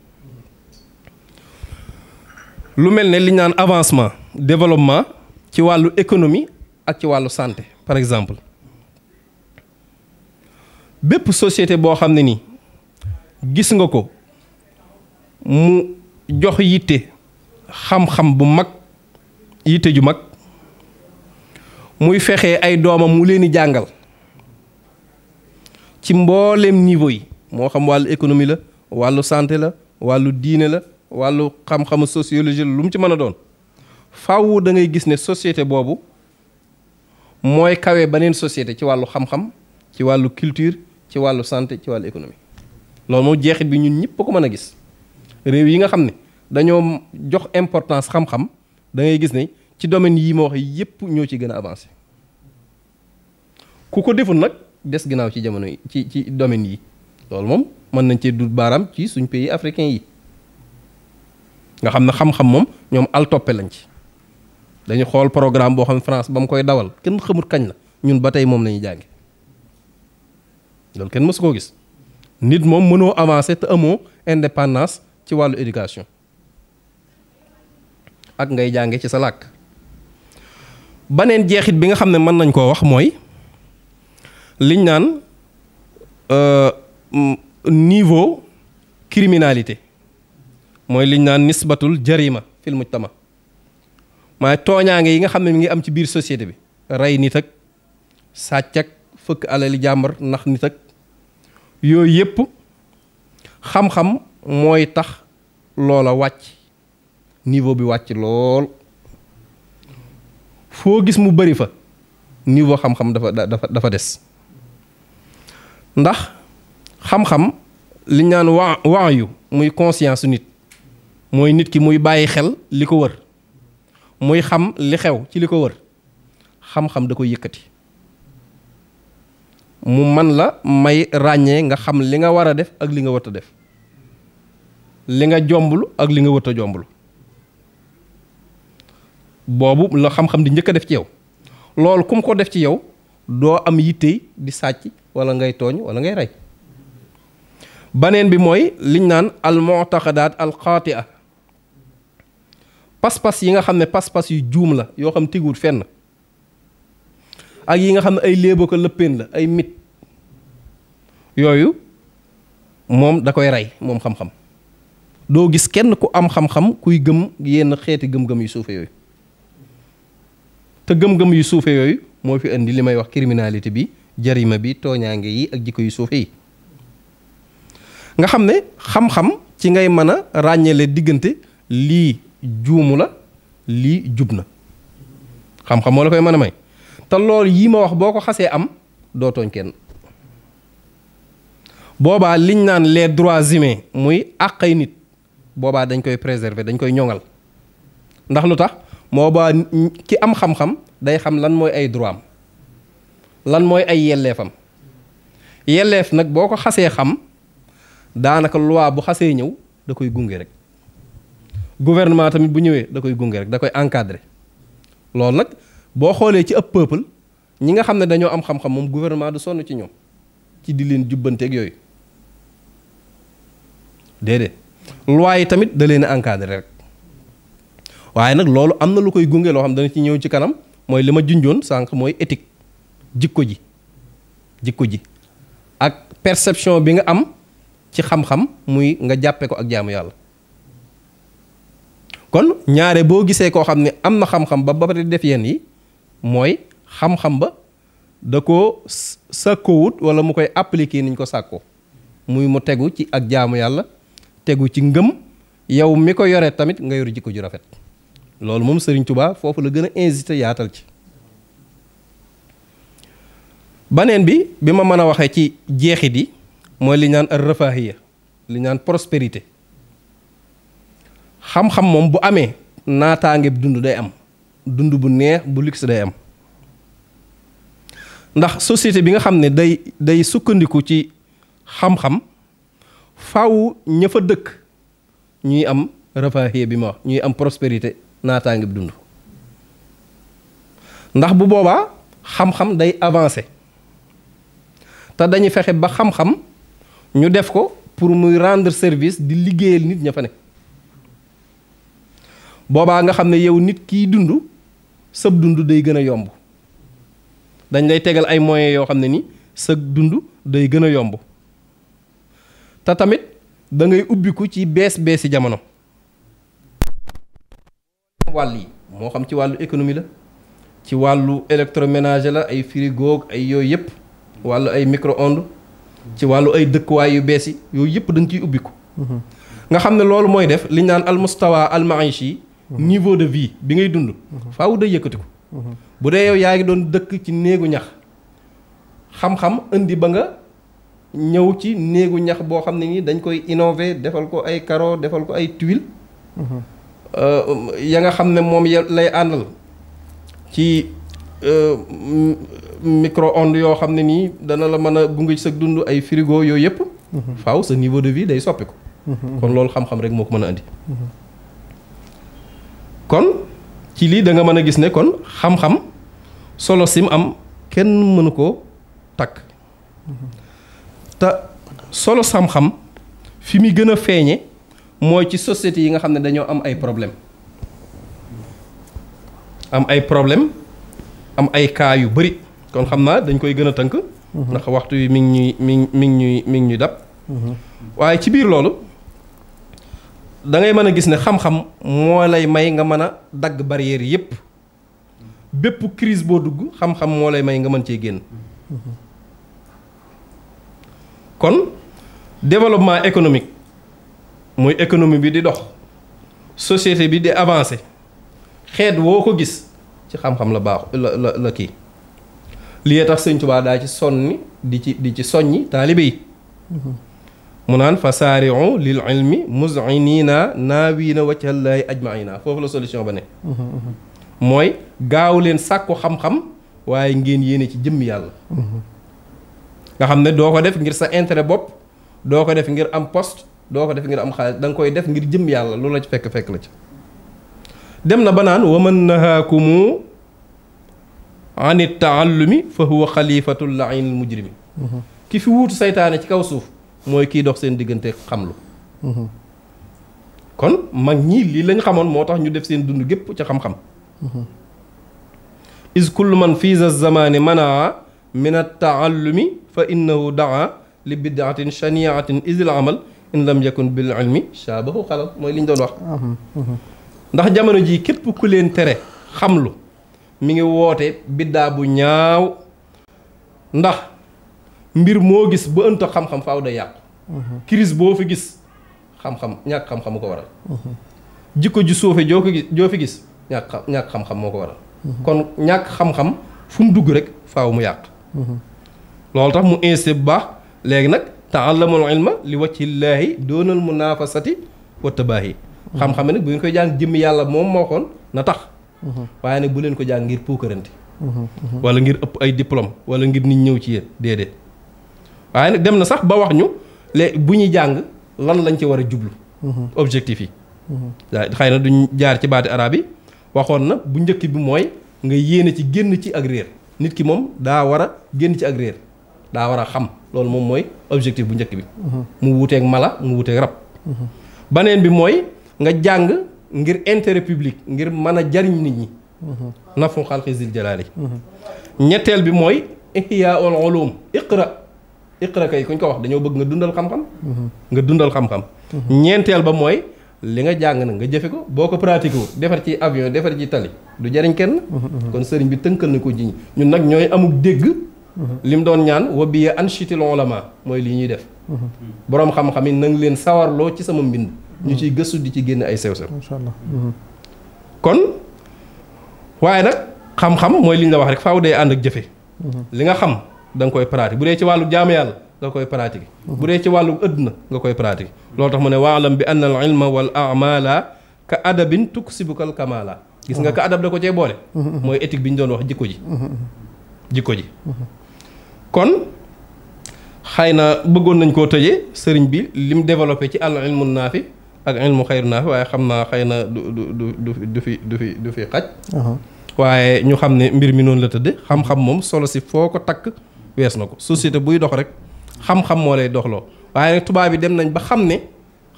lu mel ne li naan avancement développement ci wàllu économie ak ci wàllu santé par exemple bépp société boo xam ne nii gis nga ko mu jox yitte xam-xam bu mag yitte ju mag muy fexe ay doomam mu leen di jàngal ci mbooleem niveau yi moo xam wàllu économie la wàllu sante la wàllu diine la wàllu xam-xamu sociologie la lu mu ci mën a doon faaw da ngay gis ne société boobu mooy kawe beneen société ci wàllu xam-xam ci wàllu culture ci wàllu sante ci wàllu économie loolu moom jeexit bi ñun ñëpp ko mën a gis. réew yi nga xam ne dañoo jox importance xam-xam da ngay gis ni ci domaine yi ma wax yépp ñoo ci gën a avancé ku ko deful nag des ginnaaw ci jamono yi ci ci domaine yi loolu moom mën nañ cee dut baaraam ci suñ pays africain yi nga xam ne xam-xam moom ñoom al toppe lañ ci dañu xool programme boo xam ne France ba mu koy dawal kenn xamut kañ la ñun ba tey moom lañuy jànge loolu kenn mësu koo gis nit moom mënoo avancer te amoo indépendance ci wàllu éducation ak ngay jànge ci sa làkk baneen jeexit bi nga xam ne mën nañ koo wax mooy liñ naan euh, niveau criminalité mooy liñ naan nisbatul jarima fil mujtama maay tooñaange yi nga xam ne mi ngi am ci biir société bi rey nit ak sàcc ak fëkk alali jàmbar ndax nit ak yooyu yëpp xam-xam mooy tax loola wàcc niveau bi wàcc lool foo gis mu bari fa niveau xam-xam dafa dafa dafa des ndax xam-xam li naan wa waa yu muy conscience nit mooy nit ki muy bàyyi xel li ko wër muy xam li xew ci li ko wër xam-xam da koy yëkkati mu man la may ràññee nga xam li nga war a def ak li nga warta def li nga jomblu ak li nga wët a jomblu boobu la xam-xam di njëkk a def ci yow loolu kum ko def ci yow doo am yittey di sàcc wala ngay tooñ wala ngay rey baneen bi mooy liñ naan al mu'taqadaat al qati'a pas-pas yi nga xam ne pas-pas yu juum la yoo xam tiguwul fenn ak yi nga xam ne ay léebo ko lëppeen la ay mit yooyu moom da koy rey moom xam-xam doo gis kenn ku am xam-xam kuy gëm yenn xeeti gëm-gëm yu suufe yooyu te gëm-gëm yu suufe yooyu moo fi indi li may wax criminalité bi jarima bi tooñaange yi ak jikko yu suufe yi nga xam ne xam-xam ci ngay mën a ràññale diggante lii juumu la lii jub na xam-xam moo la koy mën a may te lool yii ma wax boo ko xasee am doo tooñ kenn boobaa liñ naan les droits humains muy àqay nit boobaa dañ koy préserver dañ koy ñoŋal ndax lu tax moo baa ki am xam-xam day xam lan mooy ay droit am lan mooy ay yelleefam yelleef nag boo ko xasee xam daanaka loi bu xasee ñëw da koy gunge rek gouvernement tamit bu ñëwee da koy gunge rek da koy encadrer loolu nag boo xoolee ci ëpp peuple ñi nga xam ne dañoo am xam-xam moom gouvernement du sonn ci ñoom ci di leen jubbante jubbanteeg yooyu déedéet. loi yi tamit da leen a encadré rek waaye nag loolu am na lu koy gunge loo xam dana ci ñëw ci kanam mooy li ma junjoon sànq mooy éthique jikko ji jikko ji ak perception bi nga am ci xam-xam muy nga jàppe ko ak jaamu yàlla kon ñaare boo gisee koo xam ne am na xam-xam ba ba pare def yenn yi mooy xam-xam ba da ko sa sàkkoowut wala mu koy appliquer niñ ko sàkkoo muy mu tegu ci ak jaamu yàlla tegu ci ngëm yow mi ko yore tamit nga yor jikko ju rafet loolu moom Serigne Touba foofu la gën a insisté yaatal ci baneen bi bi ma mën a waxee ci jeexit di mooy li ñaan ar rafahiya li ñaan prospérité xam-xam moom bu amee naataange dund day am dund bu neex bu luxe day am ndax société bi nga xam ne day day sukkandiku ci xam-xam faw ña fa dëkk ñuy am rafaahiya bi ma wax ñuy am prospérité naataange bi dund ndax bu boobaa xam-xam day avancé te dañuy fexe ba xam-xam ñu def ko pour muy rendre service di liggéeyal nit ña fa ne boobaa nga xam ne yow nit kiy dund sëb dund day gën a yomb dañ lay tegal ay moyens yoo xam ne ni sëg dund day gën a yomb te tamit da ngay ubbiku ci bees beesi jamono wàll yi moo xam ci wàllu économie la ci wàllu électroménager la ay frigo ay yooyu yëpp wàllu ay micro-ondes ci wàllu ay dëkkuwaay yu bees yi yooyu yëpp dañ ciy ubbiku mhm. nga xam ne loolu mooy def liñ ñu naan almustawa almaish yi mhm. niveau de vie bi ngay dund mhm. faaw day yëkkati ko bu dee yow yaa ngi doon dëkk ci néegu ñax xam-xam indi ba nga ñëw ci néegu ñax boo xam ne ni dañ koy innové defal ko ay carreaux defal ko ay tuiles. Mhm. Euh, ya nga xam ne moom ya lay àndal ci euh, micro-ondes yoo xam ne nii dana la mën a gunge sa dund ay frigo yooyu yëpp. Mhm. faaw sa niveau de vie day soppi ko. Mhm. kon loolu xam-xam rek moo ko mën a indi. kon ci lii da nga mën a gis ne kon xam-xam solo sim am kenn mënu koo takk. te solo xam-xam fi muy gën a feeñe mooy ci société yi nga xam ne dañoo am ay problème am ay problème am ay cas yu bari kon xam naa dañ koy gën a tënk mhm. ndax waxtu yi mi ngi ñuy mi ngi ñuy mi ngi ñuy dab mhm. waaye ci biir loolu dangay mën a gis ne xam-xam moo lay may nga mën a dagg barrière yépp bépp crise boo dugg xam-xam moo lay may nga mën cee génn mhm. kon développement économique mooy économie bi di dox société bi di avancé xeet woo ko gis ci xam-xam la baax la la la kii li tax sëñ Tuubaa daa ci sonni di ci di ci soññi taalibe yi mu naan fa saariu lil ilmi muziniina naawiina waccallahi ajmaina foofu la solution ba ne mooy gaaw leen sàkku xam-xam waaye ngeen yéene ci jëmm yàlla nga xam ne doo ko def ngir sa intérêt bopp doo ko def ngir am post doo ko def ngir am xaalis danga koy def ngir jëm yàlla loolu la ci fekk fekk la ci dem na ba naan waman nahaakumu an taallumi fa huwa xalifatul lain mujrimi mhm. ki fi wuutu seytaane ci kaw suuf mooy kii dox seen diggante xamlu mhm. kon mag ñii lii lañ xamoon moo tax ñu def seen dund gépp ca xam-xam mhm. is kullu man fiisa zamaani manaa min attaallumi fa innahu daa li bidaatin shaniatin isil amal in lam yakun bil ilmi shaabahu xalal mooy li ñu doon wax ndax jamono ji képp ku leen tere xamlu mi ngi woote biddaa bu ñaaw ndax mbir moo gis ba ënt xam-xam faaw day yàqu crise boo fi gis xam-xam ñàkk ko waral jikko ju suufe joo fi gis ñàkk ñàkk xam moo ko waral kon ñàkk xam-xam fu mu dugg rek faaw mu yàq Mm-hmm. loolu tax mu insisté bu baax léegi nag taallamul ilma li ci wajhillaahi doonal munaafasati wa tabaahi mm-hmm. xam-xam nag bu ngeen koy jàng jëmm yàlla moom moo xoon na tax mm-hmm. waaye nag bu leen ko jàng ngir puukarante wala ngir ëpp ay diplôme wala ngir nit ñëw ci yéen déedéet waaye nag dem na sax ba wax ñu léegi bu ñuy jàng lan lañ ci war a jublu objectif yi xëy na duñ jaar ci baati araab yi waxoon na bu njëkk bi mooy nga yéene ci génn ci ak réer nit ki moom daa war a génn ci ak réer daa war a xam loolu moom mooy objectif bu njëkk bi. mu wuuteeg mala mu wuuteeg rab. baneen bi mooy nga jàng ngir intérêt public ngir mën a jariñ nit ñi. nafu xalqi zil jalaali ñetteel bi mooy ihya ul ulum iqra iqra kay kuñ ko wax dañoo bëgg nga dundal xam-xam. Mhm. nga dundal xam-xam. ñeenteel ba mooy. li nga jàng nag nga jëfe ko boo ko pratiqué defar ci avion defar ci tali du jariñ kenn mm-hmm. kon sëriñ bi tënkal na ko ji ñun nag ñooy amuk dégg mm-hmm. li mu doon ñaan wa bi anchitil ulama mooy lii ñuy def mm-hmm. boroom xam-xam yi nang leen sawarloo ci sama mbind ñu ciy gëstu di ci génne ay sew sew inshallah kon waaye nag xam-xam mooy li ñu la wax rek faw day ànd ak jëfe li nga xam da koy pratique bu dee ci wàllu jaamu yàlla nga koy pratiquer bu dee ci wàllu àddina nga koy pratiquer loo tax mu ne waalam bi anna al ilma wal amala ka adabin tuksibukal kamala gis nga ka adab da ko cee boole mooy éthique bi ñu doon wax jikko ji jikko ji kon xëy na bëggoon nañ koo tëjee sëriñ bi lim développé ci al ilmu naafi ak ilmu xayru naafi waaye xam naa xëy na du du du fi du fi du fi xaj uh-huh. waaye ñu xam ne mbir mi noonu la tëdd xam-xam moom solo si foo ko takk wees na ko société buy dox rek xam-xam moo lay doxloo waaye nag tubaab yi dem nañ ba xam ne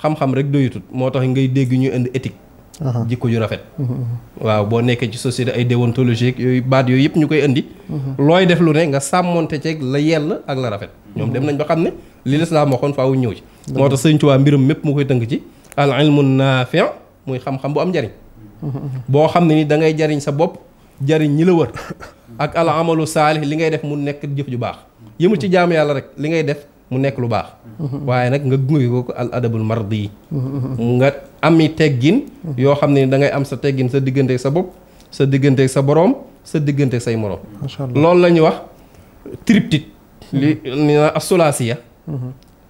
xam-xam rek doyutut moo tax ngay dégg ñuy indi éthique. jikko ju rafet. Mhm. waaw boo nekkee ci société ay déontologie yooyu baat yooyu yëpp ñu koy indi. Mhm. looy def lu ne nga sàmmonte ceeg la yell ak la rafet. ñoom dem mhm. nañ ba xam ne li lislaam waxoon faaw ñëw ci. moo tax sëñ Tuubaa mbiram mépp mu koy tënk ci al ilmu naafi muy xam-xam bu am njariñ. boo xam ne ni da ngay jariñ sa bopp jariñ ñi la wër. ak al li ngay def mu nekk jëf ju baax. yëmul ci jaamu yàlla rek li ngay def mu nekk lu baax waaye nag nga gunge ko al adabul mardi nga ami teggin yoo xam ne da ngay am sa teggin sa digganteeg sa bopp sa digganteeg sa boroom sa digganteeg say moroom loolu la wax triptyque li na asulaasiya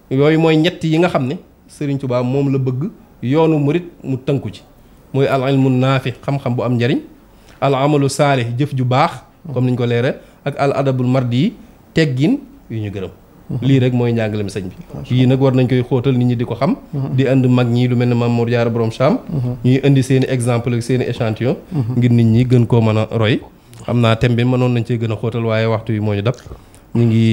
yooyu mooy ñett yi nga xam ne Sëriñ Tuubaa moom la bëgg yoonu murit mu tënku ci muy al ilmu naafi xam-xam bu am njariñ al amalu saalih jëf ju baax comme niñ ko leere ak al adabul mardi yi teggin yu ñu gërëm. Mhm. lii rek mooy njàngale njàngaleem sëñ bi. yii nag war nañ koy xóotal nit ñi di ko xam. Mhm. di andi mag ñi lu mel ne Maam Mor Jaara Borom Saam. Mhm. ñuy indi seen exemple ak seen i ngir nit ñi gën koo mën a roy. xam naa thème mënoon nañ cee gën a xóotal waaye waxtu yi moo ñu dab. ñu ngi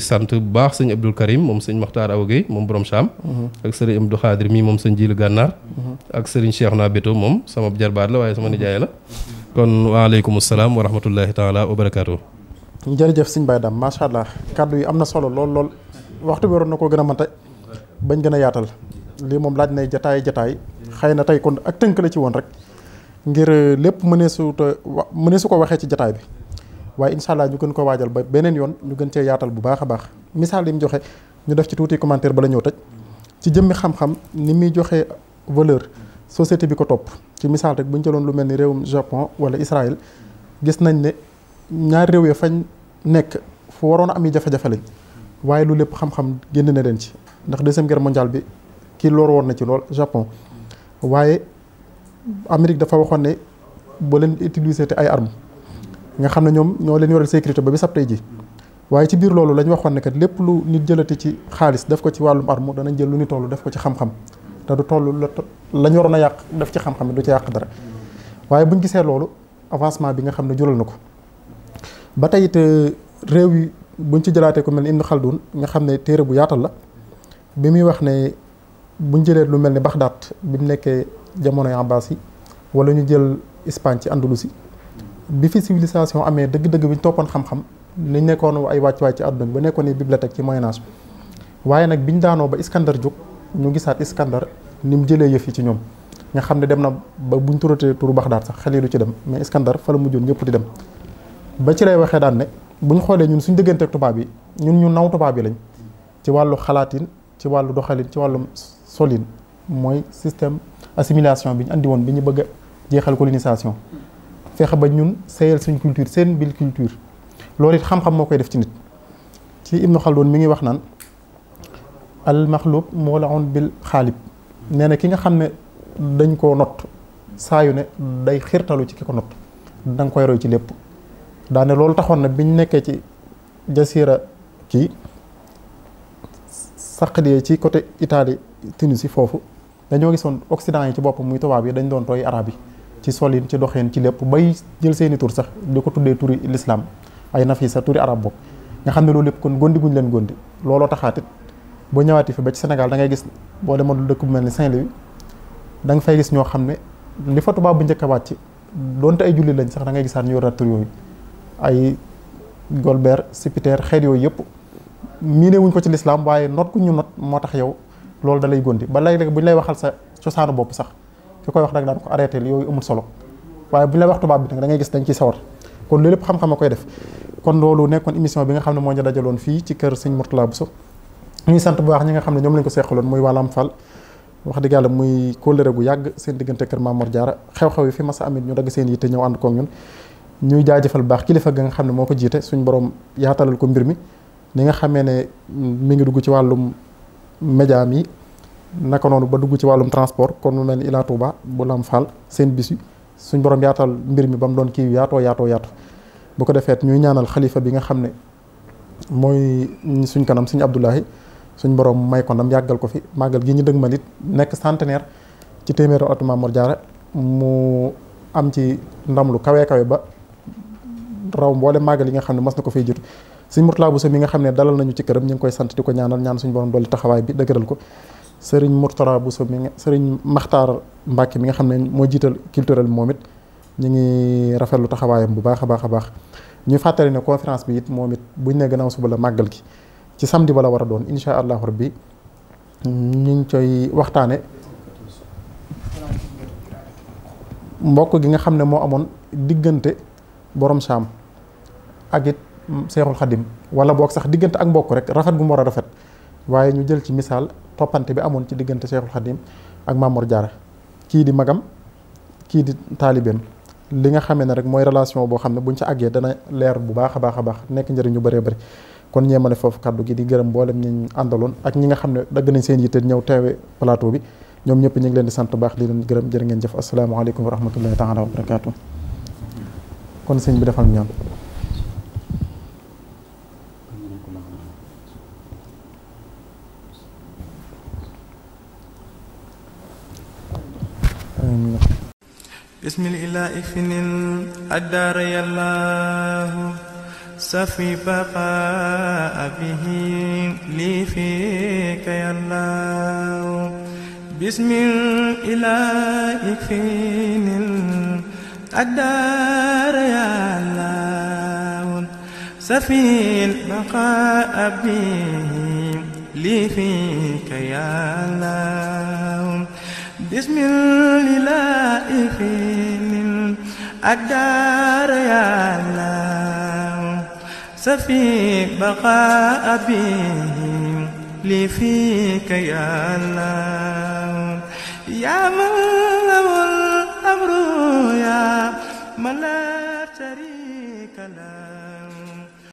sant bu baax sëñ Abdul Karim moom sëñ Maxtaar Awa Gueye moom boroom Saam. ak sëriñ Abdou Xaadir mii moom sëñ Jiilu Gànnaar. ak sëriñ Cheikh naa Beto moom sama jarbaat la waaye sama nijaay la. kon waaleykum salaam wa rahmatullahi taala jërëjëf sëñ Baye Dame macha allah kàddu yi am na solo lool lool waxtu bi waroon na koo gën a mën bañ gën a yaatal lii moom laaj nay jataay jataay xëy na tey kon ak tënk la ci woon rek ngir euh, lépp mëneesu te su ko waxee ci jataay bi waaye incha ñu gën ko waajal ba beneen yoon ñu gën cee yaatal bu baax a baax misaal yi mu joxe ñu def ci tuuti commentaire ba la ñëw tëj ci jëmmi xam-xam ni muy joxe valeur société bi ko topp ci misaal rek bu ñu lu mel ni réewum Japon wala Israël gis nañ ne. ñaari réew ya fa nekk fu waroon a am yi jafe-jafe lañ waaye lu lépp xam-xam génn na leen ci ndax deuxième guerre mondiale bi kii loor woon na ci lool Japon waaye Amérique dafa waxoon ne boo leen utiliser te ay armes nga xam ne ñoom ñoo leen yoral sécurité ba bi sab ji waaye ci biir loolu lañ waxoon ne kat lépp lu nit jëlati ci xaalis def ko ci wàllum arme danañ jël lu ni tollu def ko ci xam-xam te du toll la lañ waroon a yàq def ci xam-xam du ci yàq dara waaye buñ gisee loolu avancement bi nga xam ne jural na ko ba tey it euh, réew yi buñ ci jëlaatee ku mel ni Ibn Khaldun nga xam ne téere bu yaatal la bi muy wax ne buñ jëlee lu mel ni Baxdaat bi mu nekkee jamonoy Abbas yi wala ñu jël Espagne ci Andalousie bi fi civilisation amee dëgg-dëgg bi ñu toppoon xam-xam ni nekkoon ay wàcc-wàcc ci àdduna bi ba nekkoon ay bibliothèque ci Moyen Âge waaye nag bi ñu daanoo ba Iskandar jóg ñu gisaat Iskandar ni mu jëlee yëf yi ci ñoom nga xam ne dem na ba buñ ñu turu Baxdaat sax xel yi du ci dem mais Iskandar fa la mujjoon ñëpp di dem ba ci lay waxee daan ne bu ñu xoolee ñun suñu digganteeg tubaab yi ñun ñu naw tubaab yi lañ ci wàllu xalaatin ci wàllu doxalin ci wàllu solin mooy système assimilation bi ñu andi woon bi ñu bëgg a jeexal colonisation fexe ba ñun seeyal suñ culture seen biir culture loolu it xam-xam moo koy def ci nit ci Ibnu Xaldun mi ngi wax naan al maxluub moolaun bil xaalib nee na ki nga xam ne dañ koo nott saa yu ne day xirtalu ci ki ko not danga koy roy ci lépp daane loolu taxoon na ñu nekkee ci jasira kii saq saqdiyee ci côté Italie Tunisie foofu dañoo gisoon Occident yi ci bopp muy tubaab yi dañ doon tooy arab yi ci solin ci doxin ci lépp bay jël seeni tur sax di ko tuddee turi l'islam ay nafisa turi arab boobu nga xam ne loolu lépp kon gondi ñu leen gundi looloo taxaatit boo ñëwaatee fi ba ci senegal da ngay gis boo demoon dëkk bu mel ni Saint-Louis da gis ñoo xam ne li fa tubaab bu njëkk a wàcc doonte ay julli lañ sax da ngay gisaat ñu yooyu ay Golbert Sipiter xeet yooyu yëpp miine wuñ ko ci lislaam waaye not ku ñu not moo tax yow loolu da lay gondi ba léeg-léeg bu ñu lay waxal sa cosaanu bopp sax ki koy wax nag daan ko arrêté yooyu amul solo waaye bu ñu lay wax tubaab bi nag da gis dañ ciy sawar kon loolu lépp xam-xam a koy def kon loolu nekkoon émission bi nga xam ne moo ñu dajaloon fii ci kër sëñ Mourtala Bousso ñuy sant bu baax ñi nga xam ne ñoom lañ ko seexaloon muy waa Lamp Fall wax muy kóllëre gu yàgg seen diggante kër Mamor Diarra xew yi fi masa amit ñu dagg seen yitte ñëw ànd ñun ñuy jaajëfal baax kilifa ga nga xam ne moo ko jiite suñ borom yaatalal ko mbir mi ni nga xamee ne mi ngi dugg ci wàllum média mi naka noonu ba dugg ci wàllum transport kon mu mel ni Ila Touba bu Lam Fall seen bis yi suñ borom yaatal mbir mi ba mu doon kii yaatoo yaatoo yaatu boo ko defee ñuy ñaanal xalifa bi nga xam ne mooy suñ kanam suñ Abdoulahi suñ borom may ko ndam yàggal ko fi màggal gi ñu dëgmal it nekk centenaire ci téeméer at m Mor mu am ci ndam lu ba. raw mboole màggal yi nga xam ne mas na ko fay jiitu sëñ Mourtala Bousso mi nga xam ne dalal nañu ci këram ñu ngi koy sant di ko ñaanal ñaan suñu borom dolli taxawaay bi dëgëral ko sëriñ Mourtala Bousso mi nga sëriñ Maxtaar Mbàkke mi nga xam ne moo jiital culturel moom ñu ngi rafetlu taxawaayam bu baax a baax a baax ñu fàttali ne conférence bi it moom it buñ ne gannaaw suba la màggal gi ci samedi ba la war a doon incha allahu rabbi ñu ngi koy waxtaane mbokk gi nga xam ne moo amoon diggante borom saam ak it seexul xadim wala boog sax diggante ak mbokk rek rafet gu mu war a rafet waaye ñu jël ci misaal toppante bi amoon ci diggante seexul xadim ak Mamour Diarra kii di magam kii di taalibeem li nga xamee ne rek mooy relation boo xam ne buñ ci àggee dana leer bu baax a baax a baax nekk njëriñ ñu bëree bëri kon ñeemale foofu kàddu gi di gërëm mboolem ñi àndaloon ak ñi nga xam ne dagg nañ seen yitte ñëw teewe plateau bi ñoom ñëpp ñu ngi leen di sant baax di leen gërëm jërë kon sëñ bi defal ñaan بسم الإله إفن الدار يالله سفي بقاء به لي فيك يالله بسم الإله إفن الدار يا الله سفي البقاء به لي فيك يا الله بسم الله في الدار يا الله سفي بقاء به لي فيك يا الله يا من له الأمر يا من لا شريك له